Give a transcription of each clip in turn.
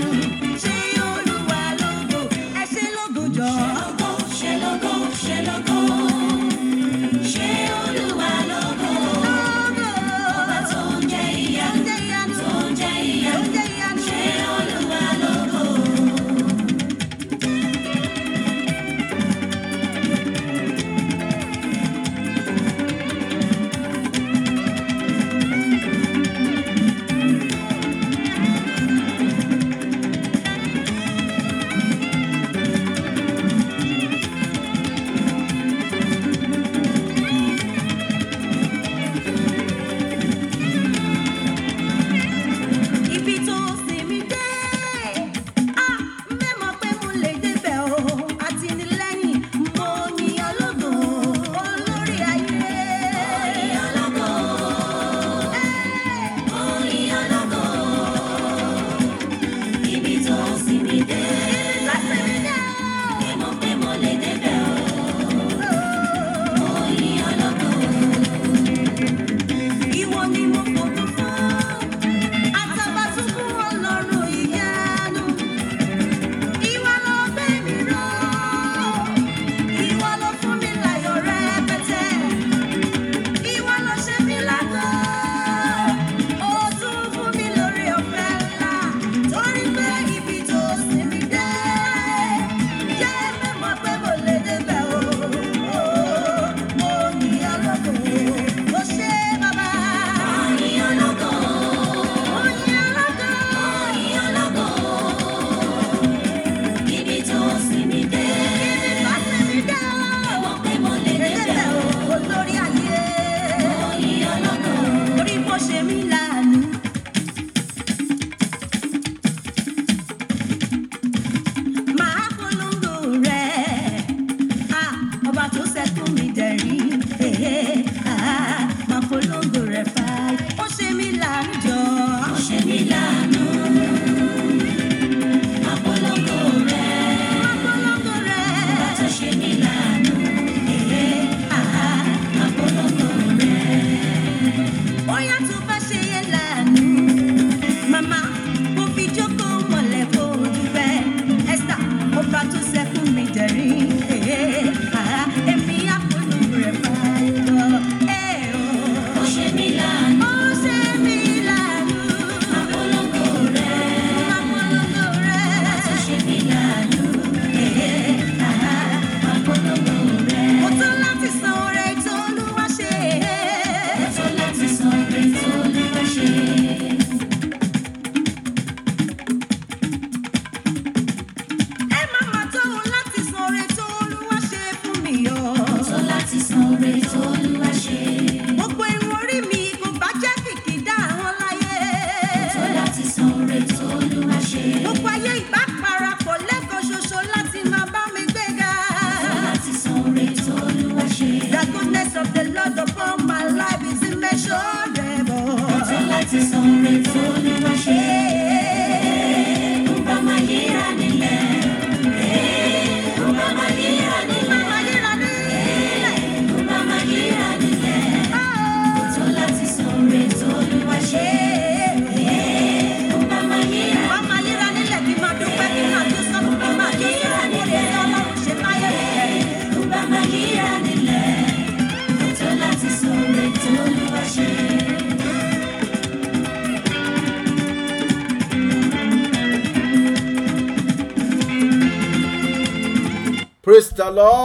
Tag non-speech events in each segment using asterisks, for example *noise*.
venom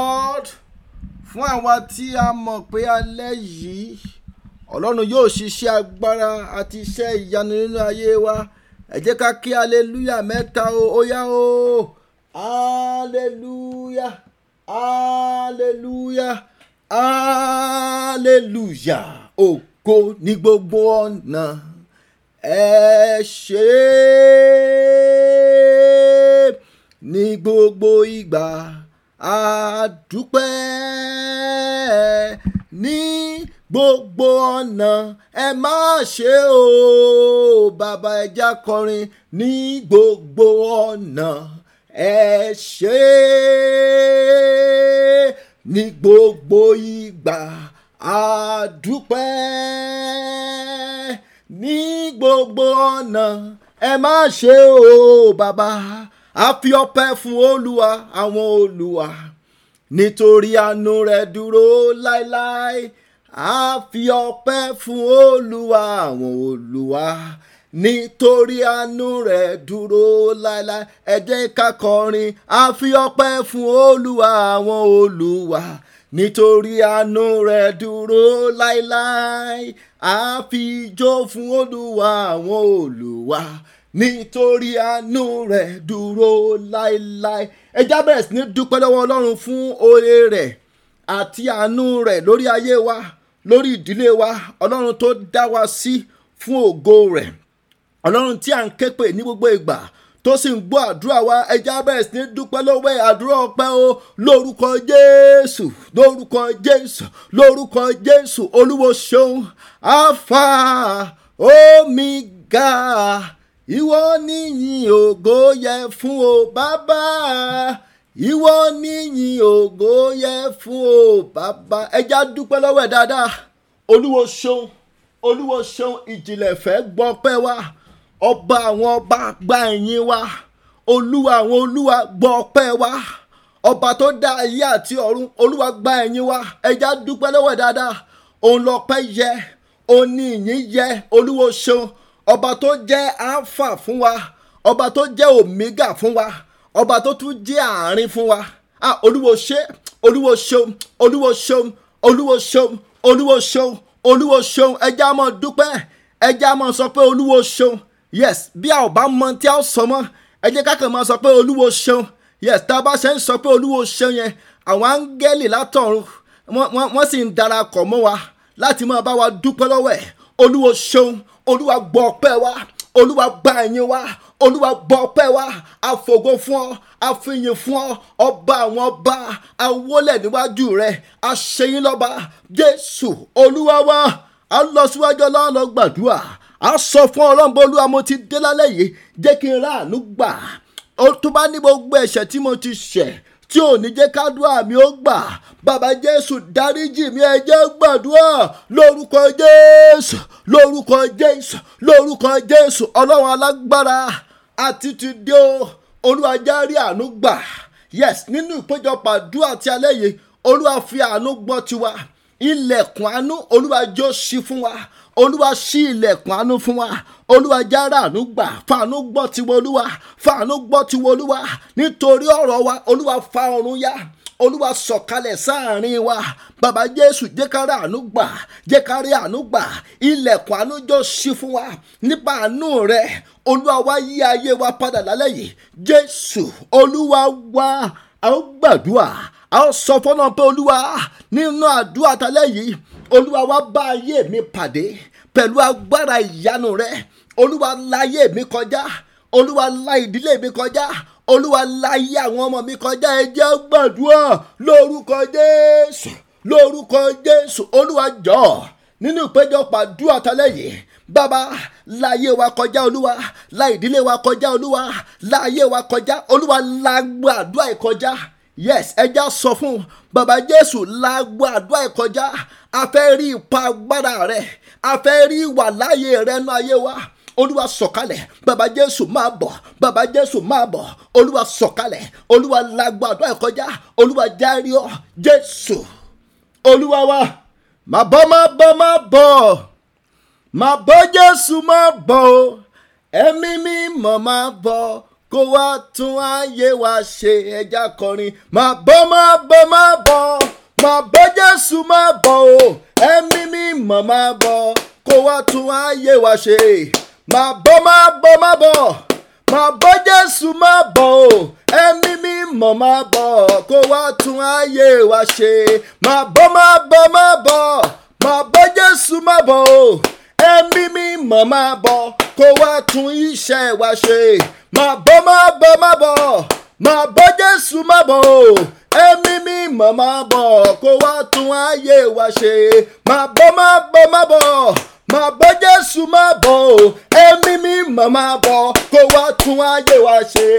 Lord fún àwa tí a mọ̀ pé alẹ́ yìí ọlọ́run yóò ṣiṣẹ́ agbára àti iṣẹ́ ìyanu nínú ayé wa ẹ ká kí aleluya mẹ́ta o ó yá o aleluya aleluya aleluya ògo ní gbogbo ọ̀nà ẹ ṣe é ní gbogbo ìgbà àdúpẹ́ ní gbogbo ọ̀nà ẹ má ṣe o bàbá ẹja kọrin ní gbogbo ọ̀nà ẹ ṣe ní gbogbo ìgbà àdúpẹ́ ní gbogbo ọ̀nà ẹ má ṣe o bàbá a fi ọpẹ́ fún olúwa àwọn olúwa nítorí àánú rẹ̀ dúró láéláé a fi ọpẹ́ fún olúwa àwọn olúwa nítorí àánú rẹ̀ dúró láéláé ẹ jẹ́ ká kọrin a fi ọpẹ́ fún olúwa àwọn olúwa nítorí àánú rẹ̀ dúró láéláé a fi jó fún olúwa àwọn olúwa nítorí àánú rẹ̀ dúró láéláé ẹja bẹ̀rẹ̀ sí ní dúpẹ́ lọ́wọ́ ọlọ́run fún oore rẹ̀ àti àánú rẹ̀ lórí ayé wa lórí ìdílé wa ọlọ́run tó dá wa sí fún ògo rẹ̀ ọlọ́run tí à ń ké pè ní gbogbo ìgbà tó sì ń gbọ́ àdúrà wa ẹja bẹ̀rẹ̀ sí ní dúpẹ́ lọ́wọ́ àdúrà ọpẹ́ o lórúkọ jésù lórúkọ jésù lórúkọ jésù olúwo ṣeun alpha omega ìwọ níyìn ògo yẹ fún o bàbá ìwọ níyìn ògo yẹ fún o bàbá ẹja dúpẹ́ lọ́wọ́ ẹ̀ dáadáa olúwo ṣeun olúwo ṣeun ìjìnlẹ̀ fẹ́ gbọ́pẹ́ wa ọba àwọn ọba gba ẹ̀yìn wa olúwa àwọn olúwa gbọ́pẹ́ wa ọba tó dá ayé àti ọ̀run olúwa gba ẹ̀yìn wa ẹja dúpẹ́ lọ́wọ́ ẹ̀ dáadáa òun lọ́pẹ́ yẹ òun ní ìyìn yẹ olúwo ṣeun ọba tó jẹ́ alpha fún wa ọba tó jẹ́ omega fún wa ọba tó tún jẹ́ àárín fún wa ah olúwo ṣe olúwo ṣeun olúwo ṣeun olúwo ṣeun olúwo ṣeun olúwo ṣeun ẹja mọ dúpẹ́ ẹja mọ sọ pé olúwo ṣeun yes bí a ò bá mọ tí a ó sọ mọ́ ẹ jẹ́ ká kàn sọ pé olúwo ṣeun yes tá a bá ṣe ń sọ pé olúwo ṣeun yẹn àwọn áńgẹ́lì látọ̀run wọ́n sì ń darapọ̀ mọ́ wa láti máa bá wa dúpẹ́ lọ́wọ́ ẹ̀ olúwo ṣeun olúwa gbọ́ ọpẹ́ wa olúwa gba ẹ̀yìn wa olúwa gbọ́ ọpẹ́ wa àfògo fún ọ àfihàn fún ọ ọba àwọn ọba àwọlẹ̀ níwájú rẹ àṣeyín lọ́ba jésù olúwa wa a lọ síwájú ọlọ́run gbàdúrà a sọ fún ọlọ́run bọ́lúwa mo ti dé lálẹ́ yìí jẹ́ kí n ráàánú gbà ó tó bá ní gbogbo ẹ̀ṣẹ̀ tí mo ti ṣẹ̀ tí ò ní jẹ́ kádùá mi ó gbà bàbá jésù dáríjì mi ẹ jẹ́ gbàdúrà lórúkọ jésù lórúkọ jésù lórúkọ jésù ọlọ́run alágbára àti ti dé o olúwa járí àánú gbà yes nínú ìpéjọpọ̀ àdúrà ti alẹ́ yìí olúwa fi àánú gbọ́ tiwa ilẹ̀kùn àánú olúwa jó sí fún wa olúwa ṣí ilẹ̀kùn àánú fún wa olúwa jára àánú gbà fàánú gbọ́ tiwọn olúwa fàánú gbọ́ tiwọn olúwa nítorí ọ̀rọ̀ wa olúwa fa ọ̀run ya olúwa sọ̀kalẹ̀ sáàrin wa bàbá jésù jẹ́kárí àánú gbà jẹ́kárí àánú gbà ilẹ̀kùn àánú jọ ṣí fún wa nípa àánú rẹ olúwa wá yí ayé wa padà lálẹ́ yìí jésù olúwa wá a gbàdúrà a sọ fọ́nà pé olúwa nínú àdúrà tálẹ́ yìí olúwa wá bá ayé mi pàdé pẹ̀lú agbára ìyanu rẹ olúwa láyé mi kọjá olúwa lá ìdílé mi kọjá olúwa láyé àwọn ọmọ mi kọjá ẹ jẹ́ gbàdúrà lórúkọ jésù lórúkọ jésù olúwa jọ̀ọ́ nínú ìpéjọpọ̀ àdúrà tálẹ̀ yìí bàbá láyé wa kọjá olúwa láìdílé wa kọjá olúwa láyé wa kọjá olúwa lágbàdúrà ìkọjá yes ẹja sọ fún baba jésù lágbo àdúrà ìkọjá a fẹ́ rí ipa agbára rẹ a fẹ́ rí ìwà láàyè rẹ nú ayé wa olúwa sọ̀kalẹ̀ baba jésù máa bọ̀ baba jésù máa bọ̀ olúwa sọ̀kalẹ̀ olúwa lágbo àdúrà ìkọjá olúwa járí ọ jésù olúwa wa máa bọ̀ máa bọ̀ máa bọ̀ máa bọ̀ jésù máa bọ̀ ẹ̀mí mi mọ̀ máa bọ̀ kó wá tún ayé wa ṣe ẹja kọrin má bọ́ má bọ́ má bọ́ má bọ́ Jésù má bọ́ o ẹ̀mí mímọ́ má bọ́ kó wá tún ayé wa ṣe má bọ́ má bọ́ má bọ́ má bọ́ Jésù má bọ́ o ẹ̀mí mímọ́ má bọ́ kó wá tún ayé wa ṣe má bọ́ má bọ́ má bọ́ má bọ́ Jésù má bọ́ o ẹ̀mí mímọ́ máa bọ̀ kó wá tún iṣẹ́ wa ṣe máa bọ̀ máa bọ̀ máa bọ̀ máa bọ̀ Jésù máa bọ̀ o ẹ̀mí mímọ́ máa bọ̀ kó wá tún ayé wa ṣe máa bọ̀ máa bọ̀ máa bọ̀ máa bọ́ jésù máa bọ̀ o ẹ̀mí mi mọ̀ máa bọ̀ kó wá tún ayé wa ṣe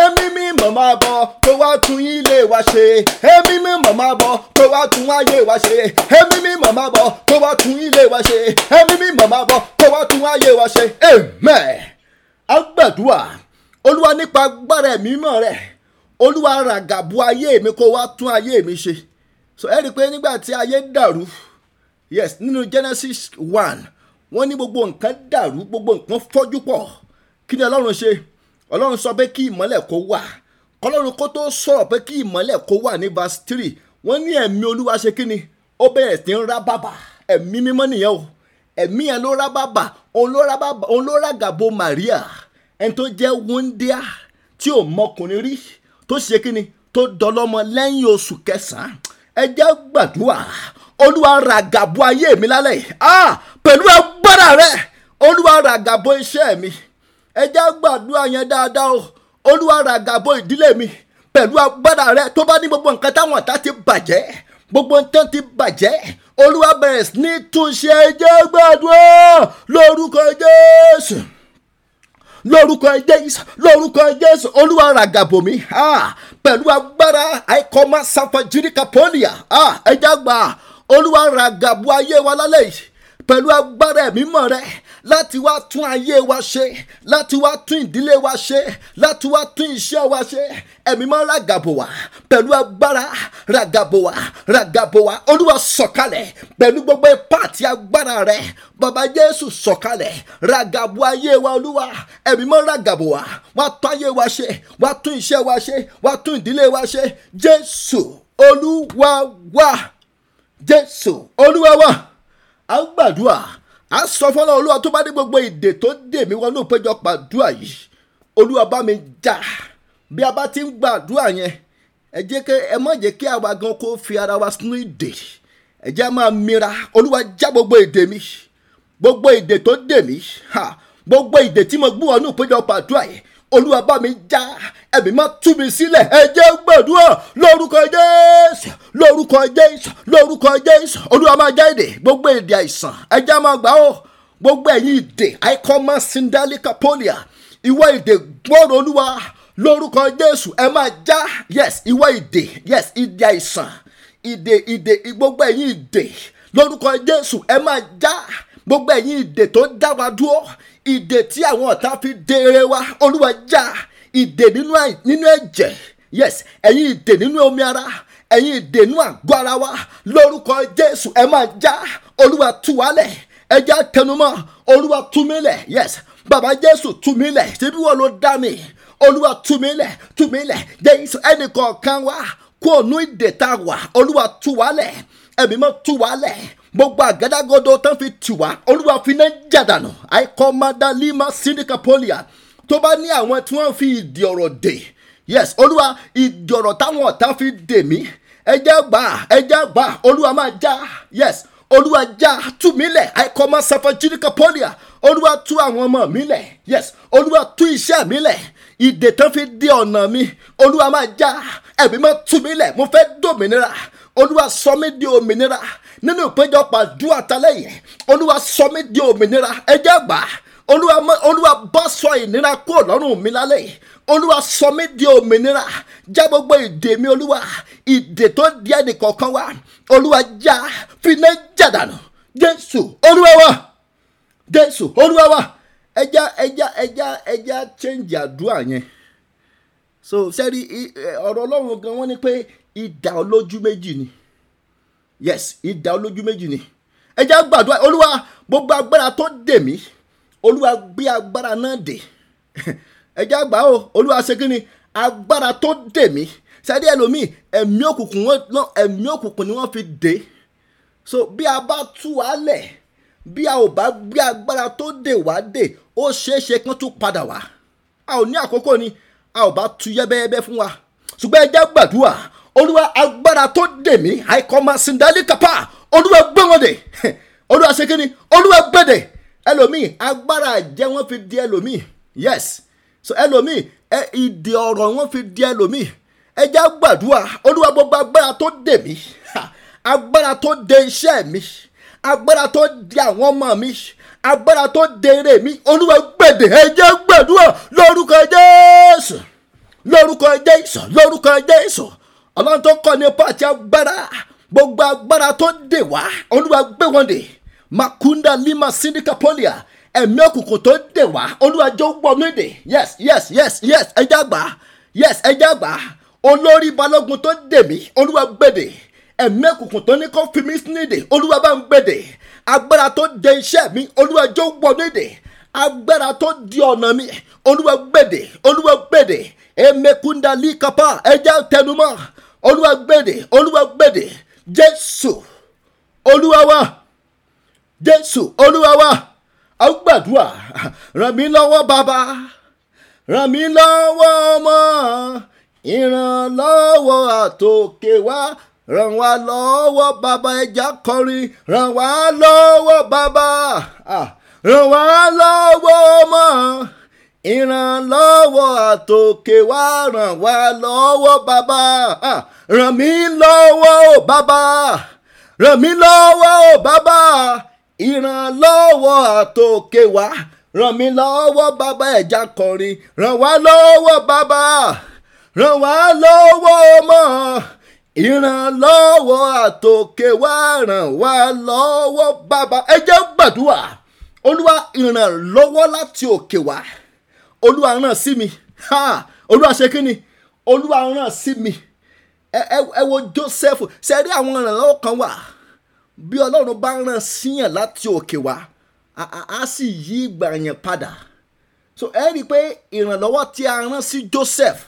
ẹ̀mí mi mọ̀ máa bọ̀ kó wá tún ilé wa ṣe ẹ̀mí mi mọ̀ máa bọ̀ kó wá tún ayé wa ṣe ẹ̀mí mi mọ̀ máa bọ̀ kó wá tún ilé wa ṣe ẹ̀mí mi mọ̀ máa bọ̀ kó wá tún ayé wa ṣe amen agbàdúrà olúwa nípa agbára ẹ̀mí mọ̀ rẹ̀ olúwa ràgàbù ayé mi kó wá tún ayé mi ṣe so ẹ rí i pé nígbà tí ayé dàrú yes nínú Genesis one wọ́n ní gbogbo nǹkan dàrú gbogbo nǹkan fọ́jú pọ̀ kí ni ọlọ́run ṣe ọlọ́run sọ pé kí ìmọ́lẹ̀ kó wà kọlọ́run kó tó sọ̀rọ̀ pé kí ìmọ́lẹ̀ kó wà ní verse three wọ́n ní ẹ̀mí olúwa ṣe kí ni ó bẹ̀rẹ̀ sí ń rá bàbà ẹ̀mí mímọ́ nìyẹn o ẹ̀mí yẹn ló rá bàbà òun ló rá gàbo Maria ẹni tó jẹ́ wúndíá tí ò mọkùnrin rí tó ṣe kí ni tó dọlọ́mọ lẹ́yìn oṣù kẹsàn-án ẹ jẹ́ gbàdúrà olúwa ràgàbọ ayé mi lálẹ́ ah pẹ̀lú agbára rẹ olúwa ràgàbò iṣẹ́ mi ẹ jẹ́ gbàdúrà yẹn dáadáa o olúwa ràgàbò ìdílé mi pẹ̀lú agbára rẹ tó bá ní gbogbo nǹkan táwọn ọ̀tá ti bàjẹ́ gbogbo nǹkan ti bàjẹ́ olúwa bẹ̀rẹ̀ sí ní túnṣe ẹ jẹ́ gbàdúrà lórúkọ jésù lórúkọ jésù lórúkọ jésù olúwa ràgàbò mi pẹ̀lú agbára àìkọ́má sanfajirika pọ́nìyà ẹja gbà olúwa ràgàbò ayé wa lálẹ́ yìí pẹ̀lú agbára ẹ̀mí mọ̀ rẹ láti wá tún ayé wa ṣe láti wá tún ìdílé wa ṣe láti wá tún iṣẹ́ wa ṣe ẹ̀mí mọ́ ràgàbò wá pẹ̀lú agbára ràgàbò wá ràgàbò wá olúwa sọ̀kalẹ̀ pẹ̀lú gbogbo ipá àti agbára rẹ bàbá jésù sọ̀kalẹ̀ ràgàbò ayé wa olúwa ẹ̀mí mọ́ ràgàbò wá tún ayé wa ṣe wá tún iṣẹ́ wa ṣe wá tún ìdílé wa ṣe jésù olúwa wá jésù olúwa wá a gbàdúrà a sọ fọlá olúwa tó bá dé gbogbo ìdè tó dè mí wọnú péjọ pàdúrà yìí olúwa bá mi jà bí a bá ti ń gbàdúrà yẹn ẹ jẹ́ kí ẹ má jẹ́ kí àwa gan kó fi ara wa sínú ìdè ẹ jẹ́ máa mira olúwa já gbogbo ìdè mi gbogbo ìdè tó dè mí gbogbo ìdè tí mo gbú wọnú péjọ pàdúrà yẹn olúwa bá mi já ẹ̀mí má tú mi sílẹ̀ ẹ jẹ́ gbàdúrà lórúkọ jésù lórúkọ jésù lórúkọ jésù olúwa máa já èdè gbogbo èdè àìsàn ẹ já máa gbà ó gbogbo ẹ̀yin ìdè àìkọ́mọ sindalika polia ìwọ ìdè gbọ́rọ̀ olúwa lórúkọ jésù ẹ máa já yes ìwọ ìdè yes ìdè àìsàn ìdè ìdè gbogbo ẹ̀yin ìdè lórúkọ jésù ẹ máa já gbogbo ẹ̀yin ìdè tó dá dúró ìdè tí àwọn ọ̀tá fi dèrè wa olúwa já ìdè nínú ẹ̀jẹ̀ yes ẹ̀yin ìdè nínú omi ara ẹ̀yin ìdè nínú àgọ́ ara wa lórúkọ jésù ẹ máa já olúwa tú wálẹ̀ ẹ já tẹnumọ́ olúwa tú mi lẹ̀ yes bàbá jésù tú mi lẹ̀ ṣebí wọ́n ló dá mi olúwa tú mi lẹ̀ tú mi lẹ̀ jésù ẹnì kọ̀ọ̀kan wa kó ònú ìdè tá wà olúwa tú wálẹ̀ ẹ̀mí mọ́ tú wálẹ̀ gbogbo àgádágodo tán fi tì wá olúwa fi náà jàdánù àìkọ́mádá lima sídìkà pọ́lìà tó bá ní àwọn tí wọ́n fi ìdí ọ̀rọ̀ dè yes olúwa ìdí ọ̀rọ̀ táwọn ọ̀tá fi dè mí ẹjẹ́ gbà ẹjẹ́ gbà olúwa máa já yes olúwa já tú mi lẹ̀ àìkọ́má sáfà jíríkà pọ́lìà olúwa tú àwọn ọmọ mi lẹ̀ yes olúwa tú iṣẹ́ mi lẹ̀ ìdè tán fi dé ọ̀nà mi olúwa máa já ẹ̀mí máa tú mi lẹ̀ mo fẹ́ dòmìnira olúwa sọ mí di òmìnira nínú ìpéjọpọ̀ àdúrà tálẹ̀ yìí olúwa sọ mí di òmìnira ẹ jẹ́ gbà olúwa bá sọ ìnira kúrò lọ́rùn mi lálẹ́ yìí olúwa sọ mí di òmìnira já gbogbo ìdè mi olúwa ìdè tó di ẹnì kọ̀ọ̀kan wá olúwa já finá jàdánù jésù olúwa wa jésù olúwa wa ẹja ẹja ẹja ẹja change àdúrà yẹn so sẹ́rí ọ̀rọ̀ ọlọ́run gan wọ́n ní pé idà olójú méjì ni yes idà olójú méjì ni ẹ jẹ́ gbàdúrà olúwa gbogbo agbára tó dè mí olúwa gbé agbára náà dè ẹ jẹ́ gbà ó olúwa ṣe kí ni agbára tó dè mí sẹ́dí ẹlòmíì ẹ̀mí òkùnkùn wọn ẹ̀mí òkùnkùn ni wọ́n fi dè so bí a bá tú wa lẹ̀ bí a ò bá gbé agbára tó dè wá dè ó ṣeéṣe kí wọ́n tún padà wá a ò ní àkókò ni a ò bá tú yẹ́bẹ́yẹ́bẹ́ fún wa ṣùgbọ́n ẹ jẹ́ olúwa agbára tó dè mí àìkọ́mọ sindali kapa olúwa gbé wọn dè *laughs* olúwa ṣe kíni olúwa gbé dè ẹlòmíì agbára jẹ́ wọ́n fi di ẹlòmíì yes so ẹlòmíì ẹ ìdè ọ̀rọ̀ wọ́n fi di ẹlòmíì ẹjẹ́ gbàdúrà olúwa gbogbo agbára tó dè mí agbára tó dè iṣẹ́ mi agbára tó dè àwọn ọmọ mi agbára tó dè eré mi olúwa gbèdè ẹjẹ́ gbàdúrà lórúkọ Jésù lórúkọ Jésù lórúkọ Jésù ọlọ́run tó kọ́ nípa àti agbára gbogbo agbára tó dè wá olúwa gbé wọn dè makunda lima sindika polia ẹ̀mí òkùnkùn tó dè wá olúwa jọ wọnú èdè yes yes yes yes ẹja gbà yes ẹja gbà olórí balógun tó dè mí olúwa gbèdè ẹ̀mí òkùnkùn tó ní kó fi mí nídè olúwa bá ń gbèdè agbára tó dè iṣẹ́ mi olúwa jọ wọnú èdè agbára tó di ọ̀nà mi olúwa gbèdè olúwa gbèdè emekunda likapa ẹja tẹnumọ́ olúwa gbèdè olúwa gbèdè jésù olúwa wa jésù olúwa wa a gbàdúrà ràn mí lọ́wọ́ bàbá ràn mí lọ́wọ́ ọmọ ìrànlọ́wọ́ àtòkè wá ràn wá lọ́wọ́ bàbá ẹja kọrin ràn wá lọ́wọ́ bàbá ràn wá lọ́wọ́ ọmọ ìrànlọ́wọ́ àtòkè wá ràn wá lọ́wọ́ bàbá ràn mí lọ́wọ́ ò bàbá ràn mí lọ́wọ́ ò bàbá ìrànlọ́wọ́ àtòkè wá ràn mí lọ́wọ́ bàbá ẹ̀já kọrin ràn wá lọ́wọ́ bàbá ràn wá lọ́wọ́ ọmọ ìrànlọ́wọ́ àtòkè wá ràn wá lọ́wọ́ bàbá ẹ jẹ́ gbàdúrà olúwa ìrànlọ́wọ́ láti òkè wá olúwa rán sí mi olúwa ṣe kí ni olúwa rán sí mi ẹ wo Joseph ṣe rí àwọn ìrànlọ́wọ́ kan wà bí ọlọ́run bá rán síyàn láti òkè wá á sì yí ìgbà yẹn padà so ẹ rí i pé ìrànlọ́wọ́ tí a rán sí Joseph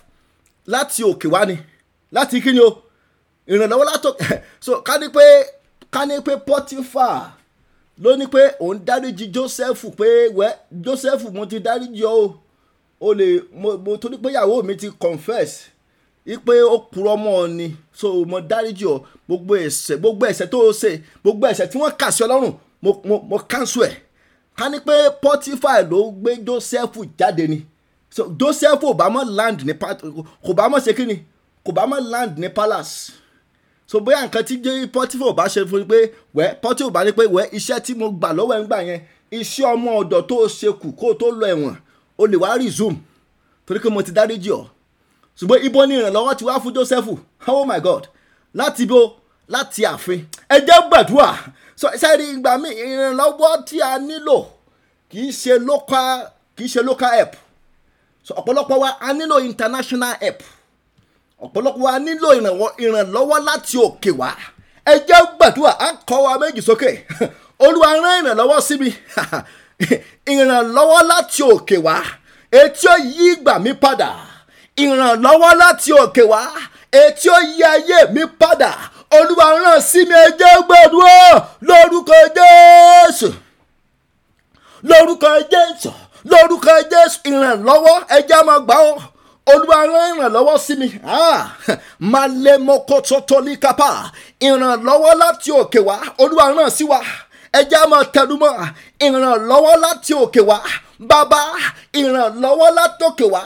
láti òkè wá ni láti kí ni o ìrànlọ́wọ́ látò *laughs* so ká ní pé ká ní pé Pọ́tífà ló ní pé òun dáríji Joseph pé wẹ́ Joseph mo ti dáríji ọ́ o o le mo mo torí pé ìyàwó mi ti confess ipe ó purọ́ mọ́ ni so mo dáríjì ọ gbogbo ẹ̀ṣẹ̀ gbogbo ẹ̀ṣẹ̀ tó o ṣe gbogbo ẹ̀ṣẹ̀ tí wọ́n kà sí ọ mo mo mo cancel ẹ̀ ká ní pé Pọ́tífà ló gbé Jósẹ́fù jáde ni so Jósẹ́fù ò bá mọ̀ land ní kò bá mọ̀ ṣe kí ni kò bá mọ̀ land ní palace so bóyá nǹkan tí jẹ́ Pọ́tífà ò bá ṣe fún mi pé wẹ́ Pọ́tífà ò bá ní pé wẹ́ iṣẹ́ tí mo gbà lọ́wọ́ ẹ̀ ń gbà yẹn iṣẹ́ ọmọ ọ̀dọ̀ tó o ṣe kù kó o tó lọ ẹ̀wọ̀n o lè wá resume torí pé mo ti dáríjì ọ́ ṣùgbọ́n ibo ni ìrànlọ́wọ́ ti wá fún Joseph oh my God láti ibo láti ààfin ẹ jẹ́ gbàdúrà sẹ́rí ìgbà mi ìrànlọ́wọ́ tí a nílò kì í ṣe local kì í ṣe local help ọ̀pọ̀lọpọ̀ wa a nílò international help ọ̀pọ̀lọpọ̀ wa nílò ìrànlọ́wọ́ láti òkè wá ẹ jẹ́ gbàdúrà á kọ́ wa méjì sókè *laughs* olúwa rán ìrànlọ́wọ́ sí mi *laughs* ìrànlọ́wọ́ láti òkè wá etí ó yí ìgbà mi padà ìrànlọ́wọ́ láti òkè wá etí ó yí ayé mi padà olúwa ràn sí mi ẹjẹ́ gbàdúrà lórúkọ jésù lórúkọ jésù lórúkọ jésù ìrànlọ́wọ́ ẹjẹ́ máa gbà ọ́ olúwa rán ìrànlọ́wọ́ sí mi ah, máa lé mọ́kótótó ní kápá ìrànlọ́wọ́ láti òkè wá olúwa ràn sí wa ẹjẹ́ máa tẹnumọ́ ìrànlọ́wọ́ láti òkè wá bàbá ìrànlọ́wọ́ látòkè wá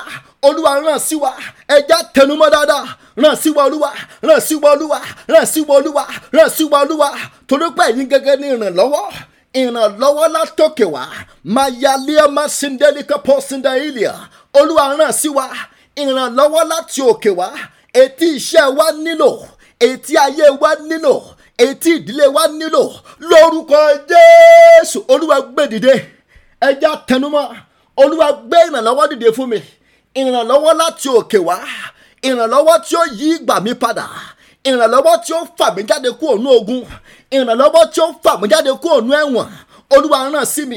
olúwa ràn sí wa ẹja tẹnumọ́ dáadáa ràn sí wa olúwa ràn sí wa olúwa ràn sí wa olúwa ràn sí wa olúwa torí pé ẹ̀yin gẹ́gẹ́ ní ìrànlọ́wọ́ ìrànlọ́wọ́ látòkè wá máa yálé ẹ máa sin délíkà pọ̀ sin dá ilẹ̀ olúwa ràn sí wa ìrànlọ́wọ́ láti òkè wá etí iṣẹ́ wa nílò etí ayé wa nílò èyí tí ìdílé wa nílò lórúkọ jésù olúwa gbé dìde ẹja tẹnumọ́ olúwa gbé ìrànlọ́wọ́ dìde fún mi ìrànlọ́wọ́ láti òkè wá ìrànlọ́wọ́ tí ó yí ìgbà mi padà ìrànlọ́wọ́ tí ó fà mí jáde kú òun ogun ìrànlọ́wọ́ tí ó fà mí jáde kú òun ẹ̀wọ̀n olúwa ràn sí mi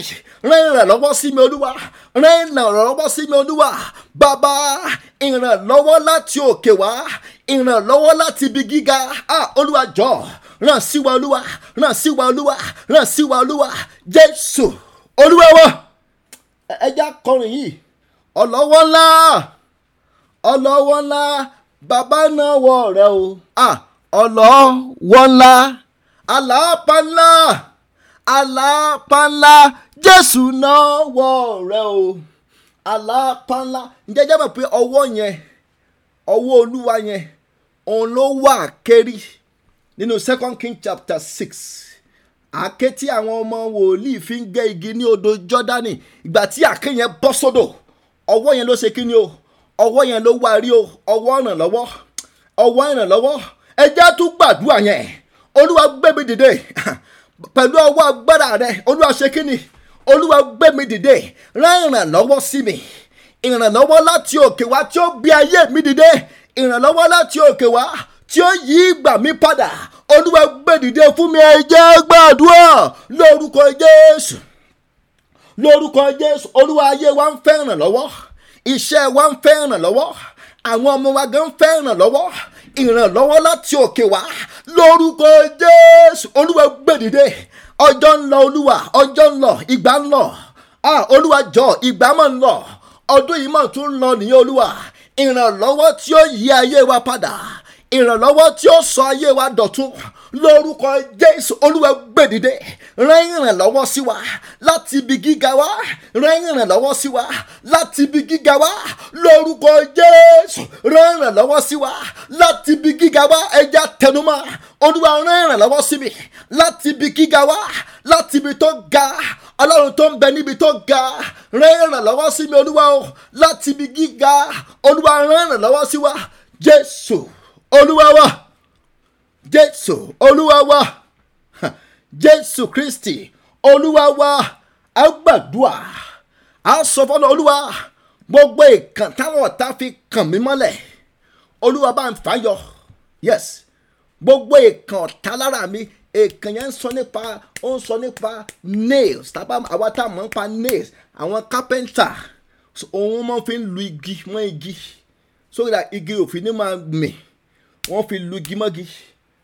ràn ìrànlọ́wọ́ sí mi olúwa ràn ìrànlọ́wọ́ sí mi olúwa bàbá ìrànlọ́wọ́ láti òkè wá ìrànlọ́wọ́ láti ibi gíga ah olúwa jọ̀ọ́ ràn sí wa olúwa ràn sí wa olúwa ràn sí wa olúwa jésù olúwa wa ẹja kọrin yìí ọlọ́wọ́ ńlá ọlọ́wọ́ ńlá bàbá náà wọ̀ rẹ o ọlọ́wọ́ ńlá àlàápá ńlá àlàápá ńlá jésù náà wọ̀ rẹ o àlàápá ńlá ǹjẹ́ jẹ́ mọ̀ pé ọwọ́ yẹn ọwọ́ olúwa yẹn òun ló wà kéri nínú second king chapter six àáké tí àwọn ọmọ wòlíì fi ń gé igi ní odò jọ́dánì ìgbà tí àáké yẹn bọ́ sódò ọwọ́ yẹn ló ṣe kí ni o ọwọ́ yẹn ló wá rí o ọwọ́ ìrànlọ́wọ́ ọwọ́ ìrànlọ́wọ́ ẹ jẹ́ tún gbàdúrà yẹn olúwa gbé mi dìde *laughs* pẹ̀lú ọwọ́ agbára rẹ olúwa ṣe kí ni olúwa gbé mi dìde rán ìrànlọ́wọ́ sí mi ìrànlọ́wọ́ láti òkè wá tí ó gbé ayé mi dìde ìrànlọ́wọ́ láti òkè wá tí ó yí ìgbà mi padà olúwa gbèdìde fún mi ẹ jẹ́ gbàdúrà lórúkọ jésù lórúkọ jésù olúwa ayé wa ń fẹ́ ìrànlọ́wọ́ iṣẹ́ wa ń fẹ́ ìrànlọ́wọ́ àwọn ọmọ wa gan ń fẹ́ ìrànlọ́wọ́ ìrànlọ́wọ́ láti òkè wá lórúkọ jésù olúwa gbèdìde ọjọ́ ń lọ olúwa ọjọ́ ń lọ ìgbà ń lọ olúwa jọ ìgbà máa ń lọ ọdún yìí máa tún ń lọ nìyẹn olúwa ìrànlọ́wọ́ tí ó yí ayé wa padà ìrànlọ́wọ́ tí ó sọ ayé wa dọ̀tun lórúkọ jésù olúwa gbèdìde rán ìrànlọ́wọ́ sí wa láti ibi gíga wa rán ìrànlọ́wọ́ sí wa láti ibi gíga wa lórúkọ jésù rán ìrànlọ́wọ́ sí wa láti ibi gíga wa ẹja tẹnumọ́ olúwa rán ìrànlọ́wọ́ sí mi láti ibi gíga wa láti ibi tó ga ọlọ́run tó ń bẹ níbi tó ga rán ìrànlọ́wọ́ sí mi olúwa o láti ibi gíga olúwa rán ìrànlọ́wọ́ sí wa jésù olúwa wa jésù olúwa wa jésù kristi olúwa wa a gbàdúrà a sọ fọlọ olúwa gbogbo ìkàn táwọn ọ̀tá fi kàn mí mọ́lẹ̀ olúwa bá ń fàyọ yes gbogbo ìkàn ọ̀tá lára mi èkàn yẹn ń sọ nípa ó ń sọ nípa nails tàbá àwa tá a mọ̀ nípa nails àwọn carpenter òun máa fi ń lu igi mọ́ igi sórí igi òfin ní máa mì wọ́n fi lugi mọ́gi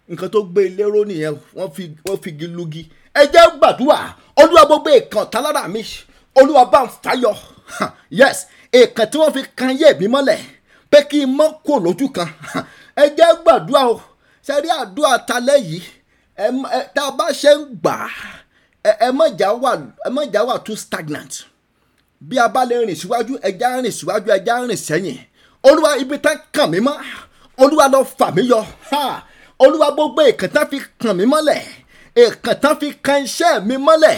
nǹkan tó gbé lérò nìyẹn wọ́n fi wọ́n fi gi lugi ẹ jẹ́ gbàdúrà olúwa gbogbo ìkàn tálára mi olúwa bá ń fàyọ *laughs* yes ìkàn tí wọ́n fi kan yé mi mọ́lẹ̀ pé kí n mọ́ kó lójú kan *laughs* ẹ jẹ́ gbàdúrà o sẹ́rí àdúrà talẹ́ yìí tá a bá ṣe ń gbà ẹ mọ̀já wà too stagnant bí a bá lè rìn síwájú ẹ já rìn síwájú ẹ já rìn sẹ́yìn olúwa ibi tá kàn mí mọ́ olúwa lọ fà mí yọ olúwa gbogbo èkán tán fi kàn mí mọ́lẹ̀ èkán tán fi kan iṣẹ́ mi mọ́lẹ̀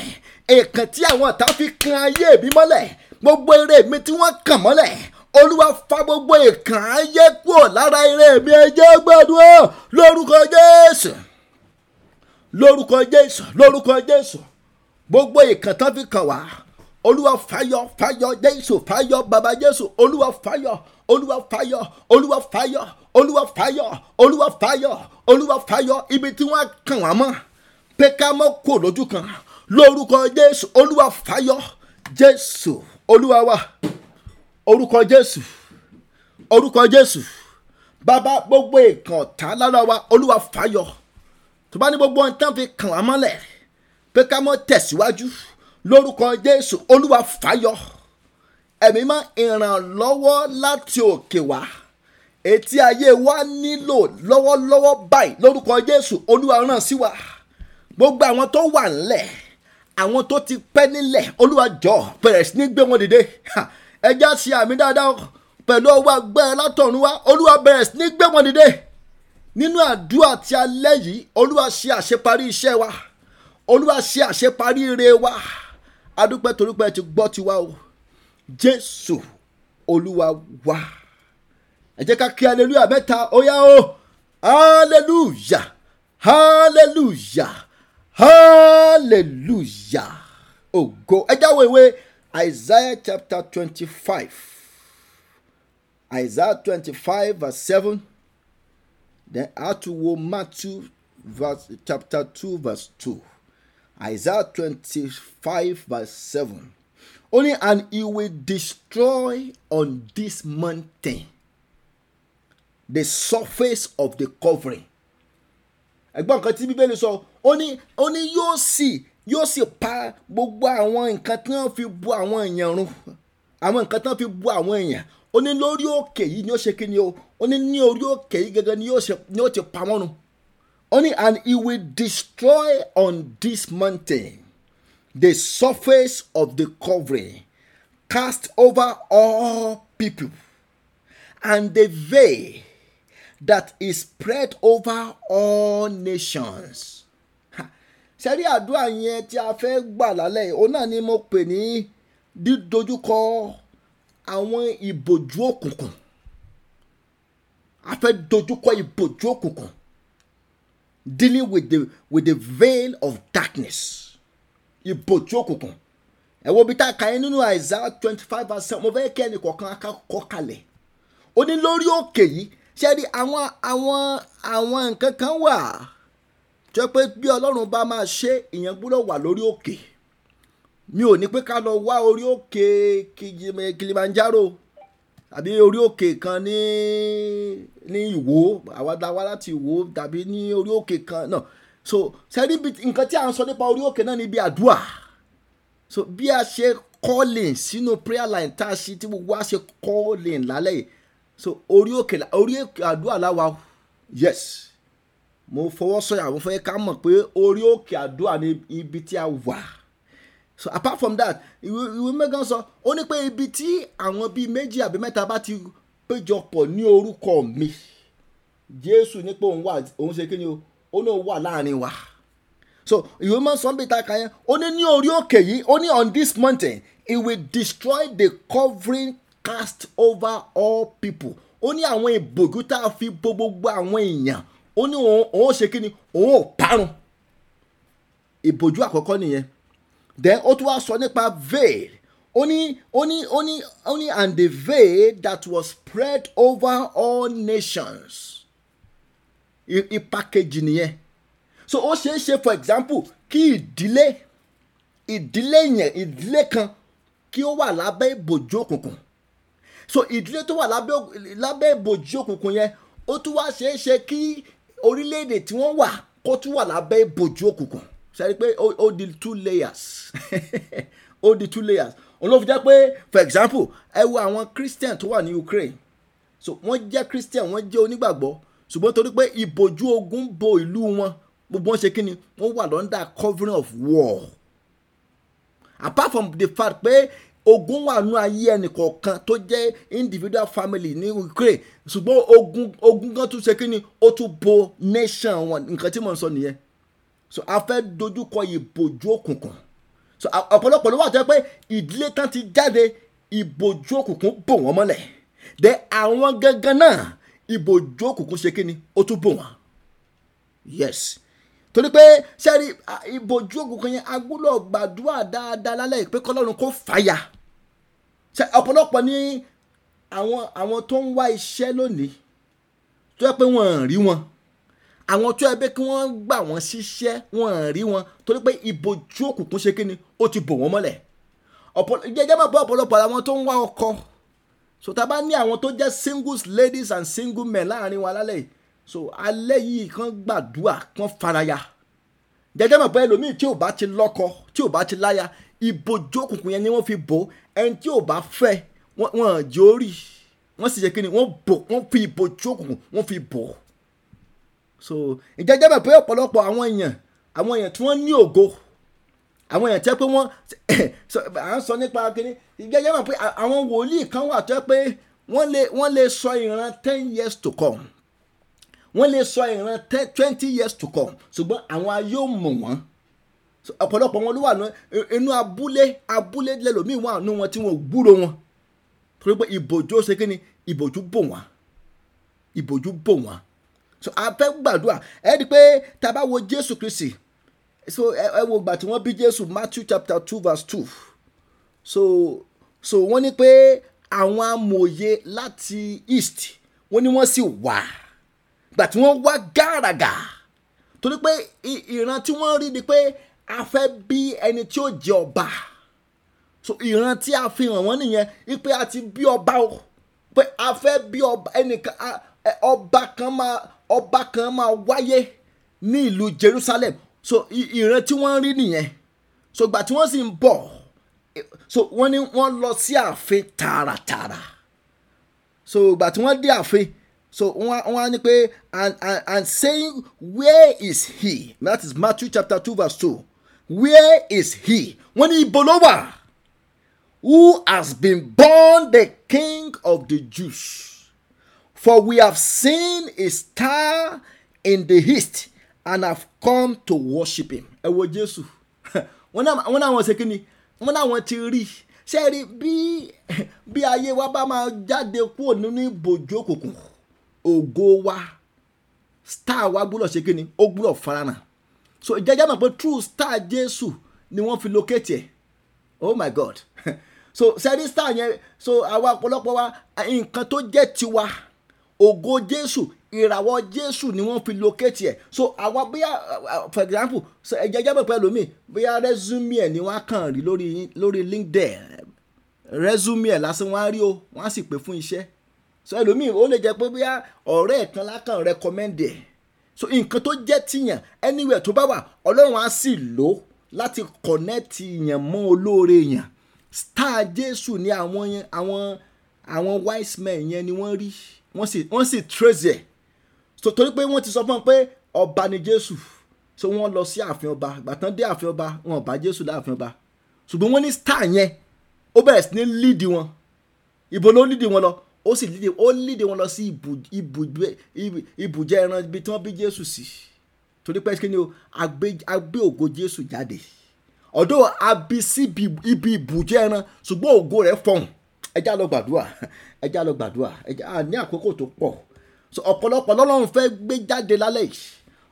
èkán tí àwọn tán fi kan ayé mi mọ́lẹ̀ gbogbo eré mi tí wọ́n kàn mọ́lẹ̀ olúwa fa gbogbo èkán ayé kúrò lára eré mi ẹ jẹ́ gbàdúrà lórúkọ jésù lórúkọ jésù lórúkọ jésù gbogbo èkán tán fi kàn wá olúwa fàyọ fàyọ jésù fàyọ bàbá jésù olúwa fàyọ olúwa fáyọ̀ olúwa fáyọ̀ olúwa fáyọ̀ olúwa fáyọ̀ olúwa fáyọ̀ ibi tí wọ́n kàn wá mọ́ pé ká mọ́ kó lójú kan lórúkọ jésù olúwa fáyọ̀ jésù olúwa wa orúkọ jésù orúkọ jésù bàbá gbogbo ìkàn ọ̀tá lára wa olúwa fáyọ̀ tó bá ní gbogbo ohun tán fi kàn wá mọ́lẹ̀ pé ká mọ́ tẹ̀síwájú lórúkọ jésù olúwa fáyọ̀ ẹ̀mí mọ́ ìrànlọ́wọ́ láti òkè wá etí ayé wa nílò lọ́wọ́lọ́wọ́ báyìí lórúkọ Jésù Olúwa ràn sí wa gbogbo àwọn tó wà ńlẹ̀ àwọn tó ti pẹ́ nílẹ̀ Olúwa jọ̀ọ́ bẹ̀rẹ̀ sí ní gbé wọn dìde ẹja ṣe àmì dáadáa pẹ̀lú ọwọ́ agbára látọ̀run wá Olúwa bẹ̀rẹ̀ sí ní gbé wọn dìde nínú àdúrà ti alẹ́ yìí Olúwa ṣe àṣeparí iṣẹ́ wa Olúwa ṣe àṣeparí ire wa adúpẹ́ torípẹ́ ti gbọ́ tiwa o jésù olúwa wá ẹ ká kí hallelujah mẹ́ta ó o hallelujah hallelujah hallelujah ògo ẹ jáwé ìwé isaiah chapter twenty-five isaiah twenty-five verse seven then atuwo matthew verse chapter two verse two isaiah twenty-five verse seven. Only and he will destroy on this mountain the surface of the covering. ẹ̀gbọ́n nǹkan tí bíbélì sọ ó ní ó ní yóò sì yóò sì pa gbogbo àwọn nǹkan tí wọ́n fi bu àwọn èèyàn run àwọn nǹkan tí wọ́n fi bu àwọn èèyàn ó ní lórí òkè yìí ni ó ṣe kí ni o ó ní ní orí òkè yìí gẹ́gẹ́ ni yóò ti pa wọ́n run ó ní and he will destroy on this mountain the surface of the covering cast over all people, and the veil that is spread over all nations. sẹ́rí àdúrà yẹn tí a fẹ́ gbà lálẹ́ òun náà ni mo pè ní dídojúkọ àwọn ìbòjú òkùnkùn a fẹ́ dojúkọ ìbòjú òkùnkùn dealing with the with the veil of darkness ìbò tí òkùnkùn ẹ wo bí tá yín nínú Isaiah twenty five verse seven mo fẹ́ kẹ́ ẹnì kọ̀ọ̀kan akọ́ kalẹ̀ ó ní lórí òkè yìí ṣe rí àwọn àwọn àwọn nǹkan kan wà jẹ́ pé bí Ọlọ́run bá máa ṣe ìyẹn gbọ́dọ̀ wà lórí òkè mi ò ní pé ká lọ wá orí òkè Kilimanjaro àbí orí òkè kan ní ní Ìwó àwa dá láti Ìwó tàbí ní orí òkè kan náà. No so sẹ́rí nǹkan tí a ń sọ nípa orí òkè náà ni bí àdúrà so bí a ṣe calling sínú prayer line tá a ṣe tí gbogbo a ṣe calling lálẹ́ yìí so orí òkè orí àdúrà láwa yes mo fọwọ́ sọ̀yà mo fẹ́ ká mọ̀ pé orí òkè àdúrà ni ibi tí a wà so apart from that ìwé mẹ́gàn sọ ó ní pé ibi tí àwọn bíi méjì àbí mẹ́ta bá ti péjọpọ̀ ní orúkọ mi Jésù ní pé òun wà òun ṣe kí ni o ó lóun wà láàrin wa so ìwé mọ́ sunday ta kan yẹn ó ní ní orí òkè yìí ó ní on this mountain it will destroy the covering cast over all people ó ní àwọn ìbòjú tá a fi bo gbogbo àwọn èèyàn ó ní òun ó ṣe kí ni òun ò parun ìbòjú àkọ́kọ́ nìyẹn then ó tún wá sọ nípa veil ó ní ó ní ó ní ó ní and the veil that was spread over all nations ipa package nìyẹn so ó ṣeé ṣe for example kí ìdílé ìdílé yẹn ìdílé kan kí ó wà lábẹ́ ìbòjú òkùnkùn so ìdílé tó wà lábẹ́ ìbòjú òkùnkùn yẹn ó tún wá ṣeé ṣe kí orílẹ̀-èdè tí wọ́n wà kó tún wà lábẹ́ ìbòjú òkùnkùn sẹ́ni pé ó di two layers *laughs* ó di two layers olófin jẹ́ pé for example ẹ wo àwọn christian tó wà ní Ukraine so wọ́n jẹ́ christian wọ́n jẹ́ onígbàgbọ́ ṣùgbọ́n torí pé ìbòjú ogun bo ìlú wọn gbogbo wọn ṣe kí ni wọ́n wà lọ́ndà covering of war apart from the fact pé ogun wà nú ayé ẹnìkọ̀ọ̀kan tó jẹ́ individual family ní Ukraine ṣùgbọ́n ogun ogun gan tún ṣe kí ni ó tún bo nation wọn nǹkan tí mò ń sọ nìyẹn so a fẹ́ dojúkọ ìbòjú òkùnkùn so ọ̀pọ̀lọpọ̀ ló wà tó yẹ pé ìdílé tán ti jáde ìbòjú òkùnkùn bò wọ́n mọ́lẹ̀ de àwọn gangan náà ìbòjú òkùnkùn ṣe kíni ó tún bò wọ́n yes torí pé sẹ́ẹ̀rì ìbòjú òkùnkùn yẹn agbúlọ̀ gbàdúrà dáadáa lálẹ́ pé kọ́lọ́run kó fàyà ọ̀pọ̀lọpọ̀ ní àwọn àwọn tó ń wá iṣẹ́ lónìí tó yẹ pé wọ́n rí wọn àwọn tó yẹ pé kí wọ́n gbà wọ́n síṣẹ́ wọ́n rí wọn torí pé ìbòjú òkùnkùn ṣe kíni ó ti bò wọ́n mọ́lẹ̀ ọ̀pọ̀lọpọ̀ jẹ́jẹ́ máa bọ́ ọ̀pọ̀lọpọ̀ àwọn tó ń wá ọkọ̀ so tá a bá ní àwọn tó jẹ́ singles ladies and single men láàrin wa lálẹ́ yìí so alẹ́ yìí kan gbàdúrà kan faraya jẹjẹ mọ̀ pé ẹlòmíì tí ò bá ti lọ́kọ tí ò bá ti láya ìbòjú òkùnkùn yẹn ni wọ́n fi bò ẹni tí ò bá fẹ́ wọ́n jẹ́ orí sì ṣe kí ni wọ́n bò wọ́n fi ìbòjú òkùnkùn wọ́n fi bò so ìjẹjẹ mọ̀ pé ọ̀pọ̀lọpọ̀ àwọn èèyàn àwọn èèyàn tí wọ́n ní ògo àwọn èèyàn tẹ́ pé wọ́n *coughs* à ń sọ nípa kínní gẹ́gẹ́ mọ̀ pé àwọn wòlíì kan wà tó pé wọ́n lè wọ́n lè sọ ìran ten years to come wọ́n lè sọ ìran twenty years to come ṣùgbọ́n àwọn ayé ò mọ̀ wọ́n ọ̀pọ̀lọpọ̀ wọn ló wà nínú abúlé abúlé lẹ́lòmíì wà nínú wọn tí wọn ò gbúrò wọn torí pé ìbòjú ó ṣe kí ni ìbòjú bò wọ́n ìbòjú bò wọ́n so a fẹ́ gbàdúrà ẹ rí i pé tá a bá wo Jésù Kristi so ẹ wo ìgbà tí wọ́n bí Jésù Matthew chapter two verse two so so wọ́n ní pé àwọn amòye láti east wọ́n ní wọ́n sì wà ìgbà tí wọ́n wá gàràgà torí pé ìran tí wọ́n rí ni pé a fẹ́ bí ẹni tí ó jẹ ọba so ìran tí a fi hàn wọ́n nìyẹn wípé a ti bí ọba o pé a fẹ́ bí ọba ẹnìkan ọba kan máa ọba kan máa wáyé ní ìlú Jerusalem so ìran tí wọ́n rí nìyẹn so gbà tí wọ́n sì ń bọ̀ so wọ́n ní wọ́n lọ sí ààfin tààràtààrà so gbà tí wọ́n dé ààfin so wọ́n á ní pé and and and saying where is he that is Matthew chapter two verse two where is he wọ́n ní ibo ló wà who has been born the king of the Jews for we have seen a star in the east and have come to worship him. ẹ wo jésù *laughs* wọn náwọn ṣe kí ni wọn náwọn ti rí ṣe rí bí bí ayé wa bá máa jáde kúrò nínú ìbòjú òkùnkùn ògo wa star wa gbúdọ̀ ṣe kí ni ó gbúdọ̀ farahàn so ìjẹ́jẹ́ mọ̀ pé true star jésù ni wọ́n fi locate ẹ̀ oh my god *laughs* so ṣẹ́rí star yẹn so àwa ọ̀pọ̀lọpọ̀ wa nǹkan tó jẹ́ tiwa ògo jésù ìràwọ̀ jésù ni wọ́n fi locate ẹ̀ so àwa bóyá for example ẹ̀jẹ̀ jẹ́ pẹ̀pẹ́ lómi bóyá resume ẹ̀ ni wọ́n á kàn rí lórí lórí LinkedIn resume ẹ̀ lásán wọ́n á rí o wọ́n á sì pè fún iṣẹ́ so ẹlòmíì ó lè jẹ́ pé bóyá ọ̀rẹ́ ẹ̀ kan lákàn recommend ẹ̀ so nǹkan tó jẹ́ tìyàn anywhere tó bá wà ọlọ́run á sì lò láti connect yàn mọ́ olóore yàn star jésù ni àwọn àwọn àwọn wise men yẹn ni wọ́n rí wọ́n sì wọ́n sì trace ẹ̀ torí pé wọ́n ti sọ fún wọn pé ọba ni jésù so wọ́n lọ sí ààfin ọba gbàtàn dé ààfin ọba wọn ò bá jésù láàfin ọba ṣùgbọ́n wọ́n ní star yẹn ó bẹ̀rẹ̀ sí ní líìdì wọn ibo ló líìdì wọn lọ ó sì líìdì ó líìdì wọn lọ sí ibùjẹ ẹran ibi tí wọ́n bí jésù sí torí pé kí ni o agbé ògo jésù jáde ọ̀dọ́ abi síbi ibi ibùjẹ ẹran ṣùgbọ́n ògo rẹ̀ fọ̀hún ẹjá lọ gbàdúrà ẹjá lọ gbàdúrà ẹjá ní àkókò tó pọ̀ so ọ̀pọ̀lọpọ̀ lọ́lọ́run fẹ́ gbé jáde lálẹ́ yìí